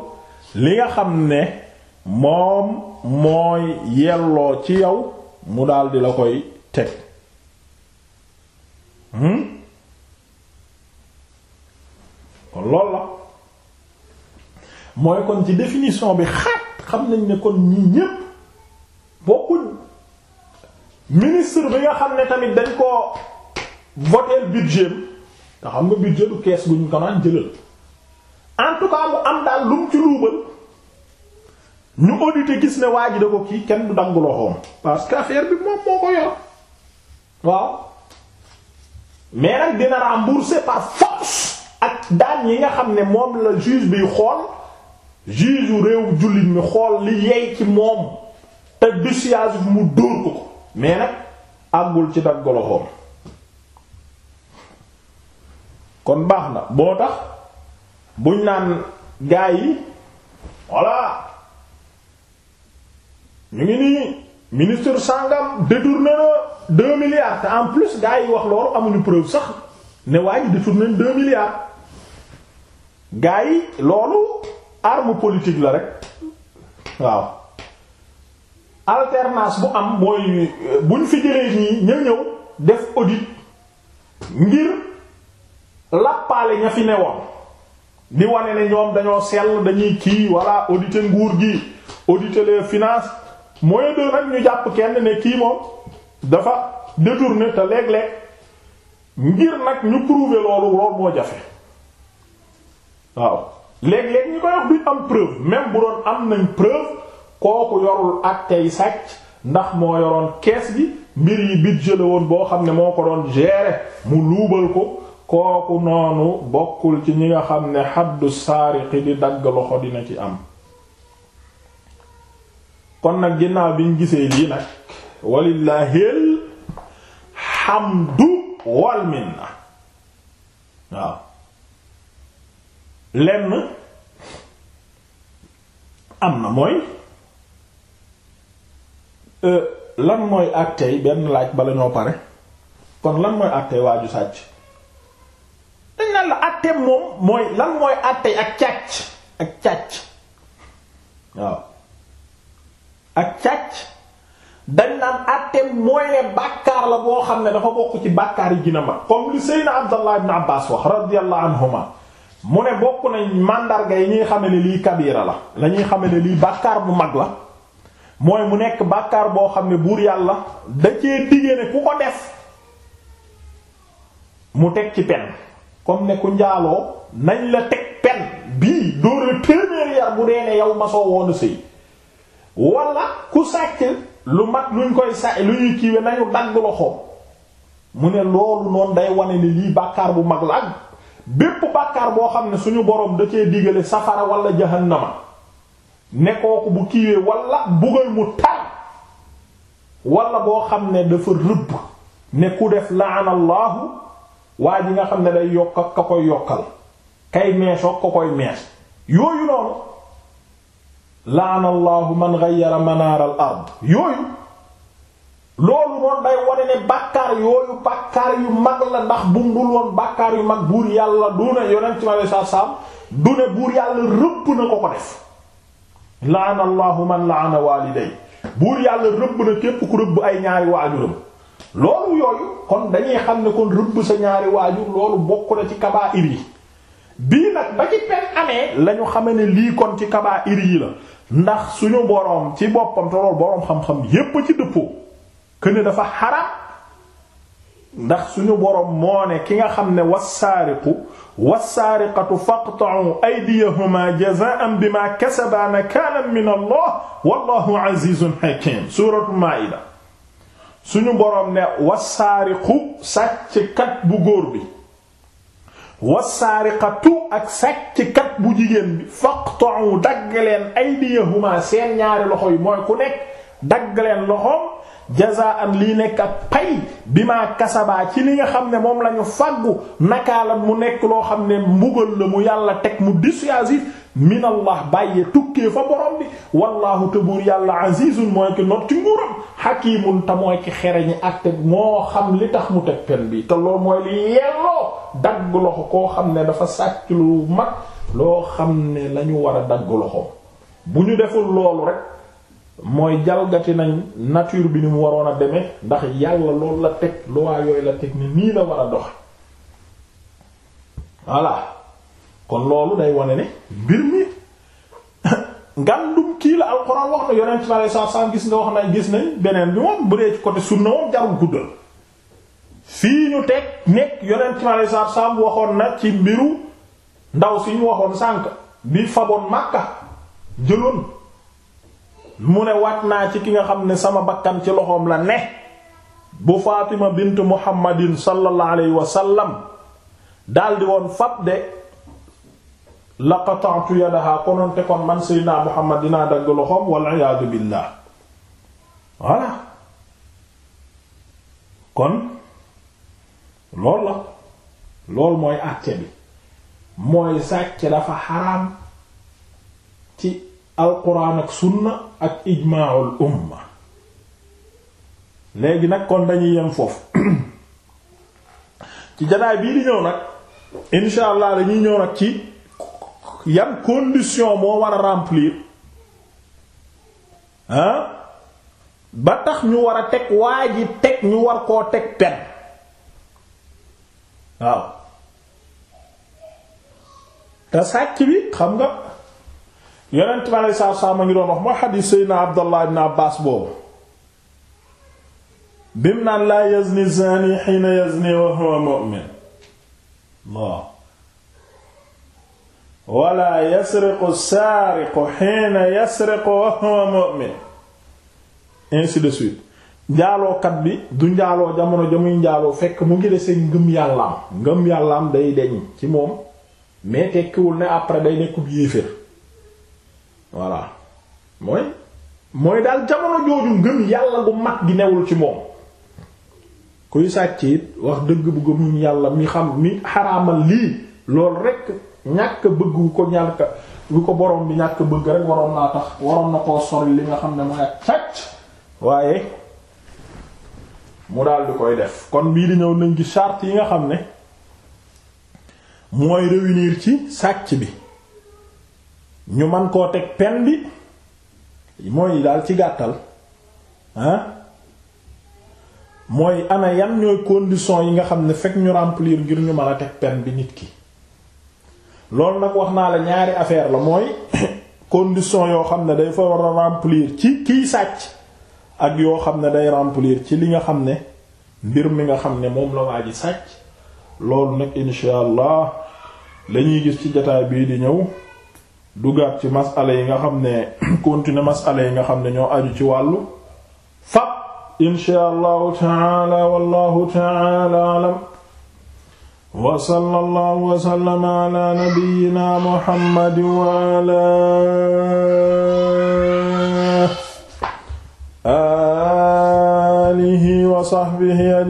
li nga xam ne moom mooy yelloo ci yow mu daldi la koy teg hmm kon lool la mooy kon ci définition bi xat xam nañ ne kon ñi ñépp bokkuñ ministre bi nga xam ne tamit dañ ko voter budget te xam nga budget du kees buñ ko naan jëlal en tout cas mu am daal lu mu ci luubal ñu audité gis ne waa ji da ko kii kenn du dangu parce que affaire bi moom moo ko yor waaw mais nag dina rembourser par force ak daan yi nga xam ne moom la juge bi xool juge yu réew jullit mi xool li yey ci moom te dusage bi mu dóor ko ko mais nag àggul ci dangu loxoom kon baax na boo tax buñ naan gaa yi voilà ñu ngi nii ministre sangam détourné na deux te en plus gars yi wax loolu amuñu preuve sax ne waa ji détourné na deux yi loolu arme politique la rek waaw alternance bu am mooy euh, buñ fi jëlee nii ña ñëw def audit ngir làppaale ña fi newoon di wane ne ñoom dañoo sell dañuy kii walla audite nguur gi auditer les finance mooy de nag ñu jàpp kenn ne kii moom dafa détourné te leeg léeg ngir nag ñu prouver loolu lool moo jafe waaw léeg-léeg ñu koy wax duñ am preuve même bu doon am nañ preuve kooku yorul ak sàcc ndax moo yoroon kees bi mbir yi bit la woon boo xam ne moo ko doon gérer mu luubal ko kooku noonu bokkul ci ñi nga xam ne xaddu saariqi di dagg loxo dina ci am kon nag ginnaaw ñu gisee lii nag walillaahil hamdu wal minna waaw lenn am na mooy euh, lan mooy àttey benn laaj bala ñoo pare kon lan mooy àttey waaju sàcc dañ naan la àttee moom mooy lan mooy àttey ak càcc ak càcc waaw ak càcc dañ naan àtteem mooy ne bàkkaar la boo xam ne dafa bokk ci bàkkaar yi gën a mag comme li Seydina Abdallah ibn Abbas wax radiyallahu anhuma mu ne bokk nañ màndarga yi ñuy xame ne lii kabira la la ñuy xame ne lii bàkkaar bu mag la mooy mu nekk bàkkaar boo xam ne buur yàlla da cee digée ne ku ko def mu teg ci pen comme ne ku njaaloo nañ la teg pen bii dóor la téeméer yar bu dee ne yow ma soo woon sëy wala ku sàcc lu mat luñ koy sàcc lu ñuy kiiwe nañu dagg loxoom mu ne loolu noonu day wane ni lii bàkkaar bu mag la ak bépp bàkkaar boo xam ne suñu borom da cee digale safara wala jahannama ne kooku bu kiiwee wala bugal mu tar wala boo xam ne dafa rëbb ne ku def laanallaahu waa ji nga xam ne day yokk ak ka koy yokkal kay mees ak koy mees yooyu noonu laana allahu man ghayyara manaaral ard yooyu loolu noonu day wone bàkkaar yooyu bàkkaar yu mag la ndax bu mu dul woon bàkkaar yu mag buur yàlla du ne yonent ci male sa saam du ne buur yàlla rëbb na ko ko def laana allahu man laana waaliday buur yàlla rëbb na képp ku rëbb ay ñaari waajuram loolu yooyu kon dañuy xam ne kon rëbb sa ñaari waajur loolu bokk na ci kabaa'ir yi bii nag ba ci pen amee lañu xame lii kon ci kabaa'ir yi la ndax suñu boroom ci boppam te loolu boroom xam-xam yépp ci dëppoo këne dafa xara ndax suñu boroom moo ne ki nga xam ne wassaariqu wassaariqatu faqta'u aydiyahuma jazaa'an bima kasabaa nakaalan min allah wallahu azizun hakim suratul maida suñu boroom ne wassaariqu sàcckat bu góor bi wassaariqatu ak sàcckat bu jigéen bi faqta'u dagg leen aydiyahuma seen ñaari loxo yi mooy ku nekk dagg leen loxoom jazaan lii nekk ak pay bi maa kasabaa ci li nga xam ne moom lañu ñu fàggu nakaalat mu nekk loo xam ne mbugal la mu yàlla teg mu dissuasif minallah bàyyee tukkee fa borom bi wallahu te yàlla azizun mooy ki not ci nguuram hakimun te mooy ki xereñi ak teg moo xam li tax mu teg pen bi te loolu mooy li yelloo dagg loxo koo xam ne dafa sàcc lu mag loo xam ne lañu war a dagg loxo bu ñu deful loolu rek mooy jalgati nañ nature bi ni mu waroon a demee ndax yàlla loolu la teg loi yooyu la teg ni nii la war a dox voilà kon loolu day wone ne mbir mi ngandum kii la alxuraan wax na yonent bi alei sat selaam gis nga wax na gis ne beneen bi moom bu dee ci côté sunna moom jarul guddal fii ñu teg nekk yonent bi alei sat selaam waxoon na ci mbiru ndaw si ñu waxoon sànq bi faboon Makka jëloon mu ne waat naa ci ki nga xam ne sama bakkan ci loxoom la ne bu Fatima bint Muhammadin sallallahu alayhi wa sallam daldi woon fab de la qata'tu yadaha konoon te kon man la loolu mooy àtte bi mooy sàcc dafa xaraam ci alquran ak sunna ak ijmaul umma léegi nag kon dañuy yem foofu ci janaay bii di ñëw nag incha allah dañuy ñëw nag ci yan condition moo war a remplir ba tax ñu war a teg waa ji teg ñu war koo teg pen waaw te sàcc bi xam nga yonent bi aleyhi salaatu salaam a ngi doon wax moo xadiis Seydina Abdallah ibn Abbaas boobu bim naan laa yazni zaani hiina yazni wa huwa mu'min Allah wala yasriqu saariqu hiina yasriqu wa huwa mu'min ainsi de suite njaalookat bi du njaaloo jamono ja muy njaaloo fekk mu ngi de seen ngëm yàllaam ngëm yàllaam day deñ ci moom mais tekkiwul ne après day nekkub yéeféer voilà mooy mooy daal jamono jooju ngëm yàlla bu mat gi newul ci moom kuy sàcc it wax dëgg bu gëmuñ yàlla mi xam mi xaraamal lii loolu rekk ñàkk bëgg gu ko ñàkk gu ko borom bi ñàkk bëgg rek waroon naa tax waroon na koo sori li nga xam ne mooy ak sàcc waaye mu daal di koy def kon bii di ñëw nañ ci charte yi nga xam ne mooy réunir ci sàcc bi ñu man koo teg pen bi mooy daal ci gàttal ah mooy ana yan ñooy conditions yi nga xam ne fekk ñu remplir ngir ñu mën a teg pen bi nit ki loolu nag wax naa la ñaari affaire la mooy condition yoo xam ne day fa war a remplir ci kiy sàcc ak yoo xam ne day remplir ci li nga xam ne mbir mi nga xam ne moom la waa ji sàcc loolu nag insha allah lañuy gis ci jataay bii di ñëw dugaat ci masala yi nga xam ne continuer masala yi nga xam ne ñoo aju ci wàllu fab insha allahu taala wallahu wa sallallahu wa ala nabiyyina wa ala alihi wa sahbihi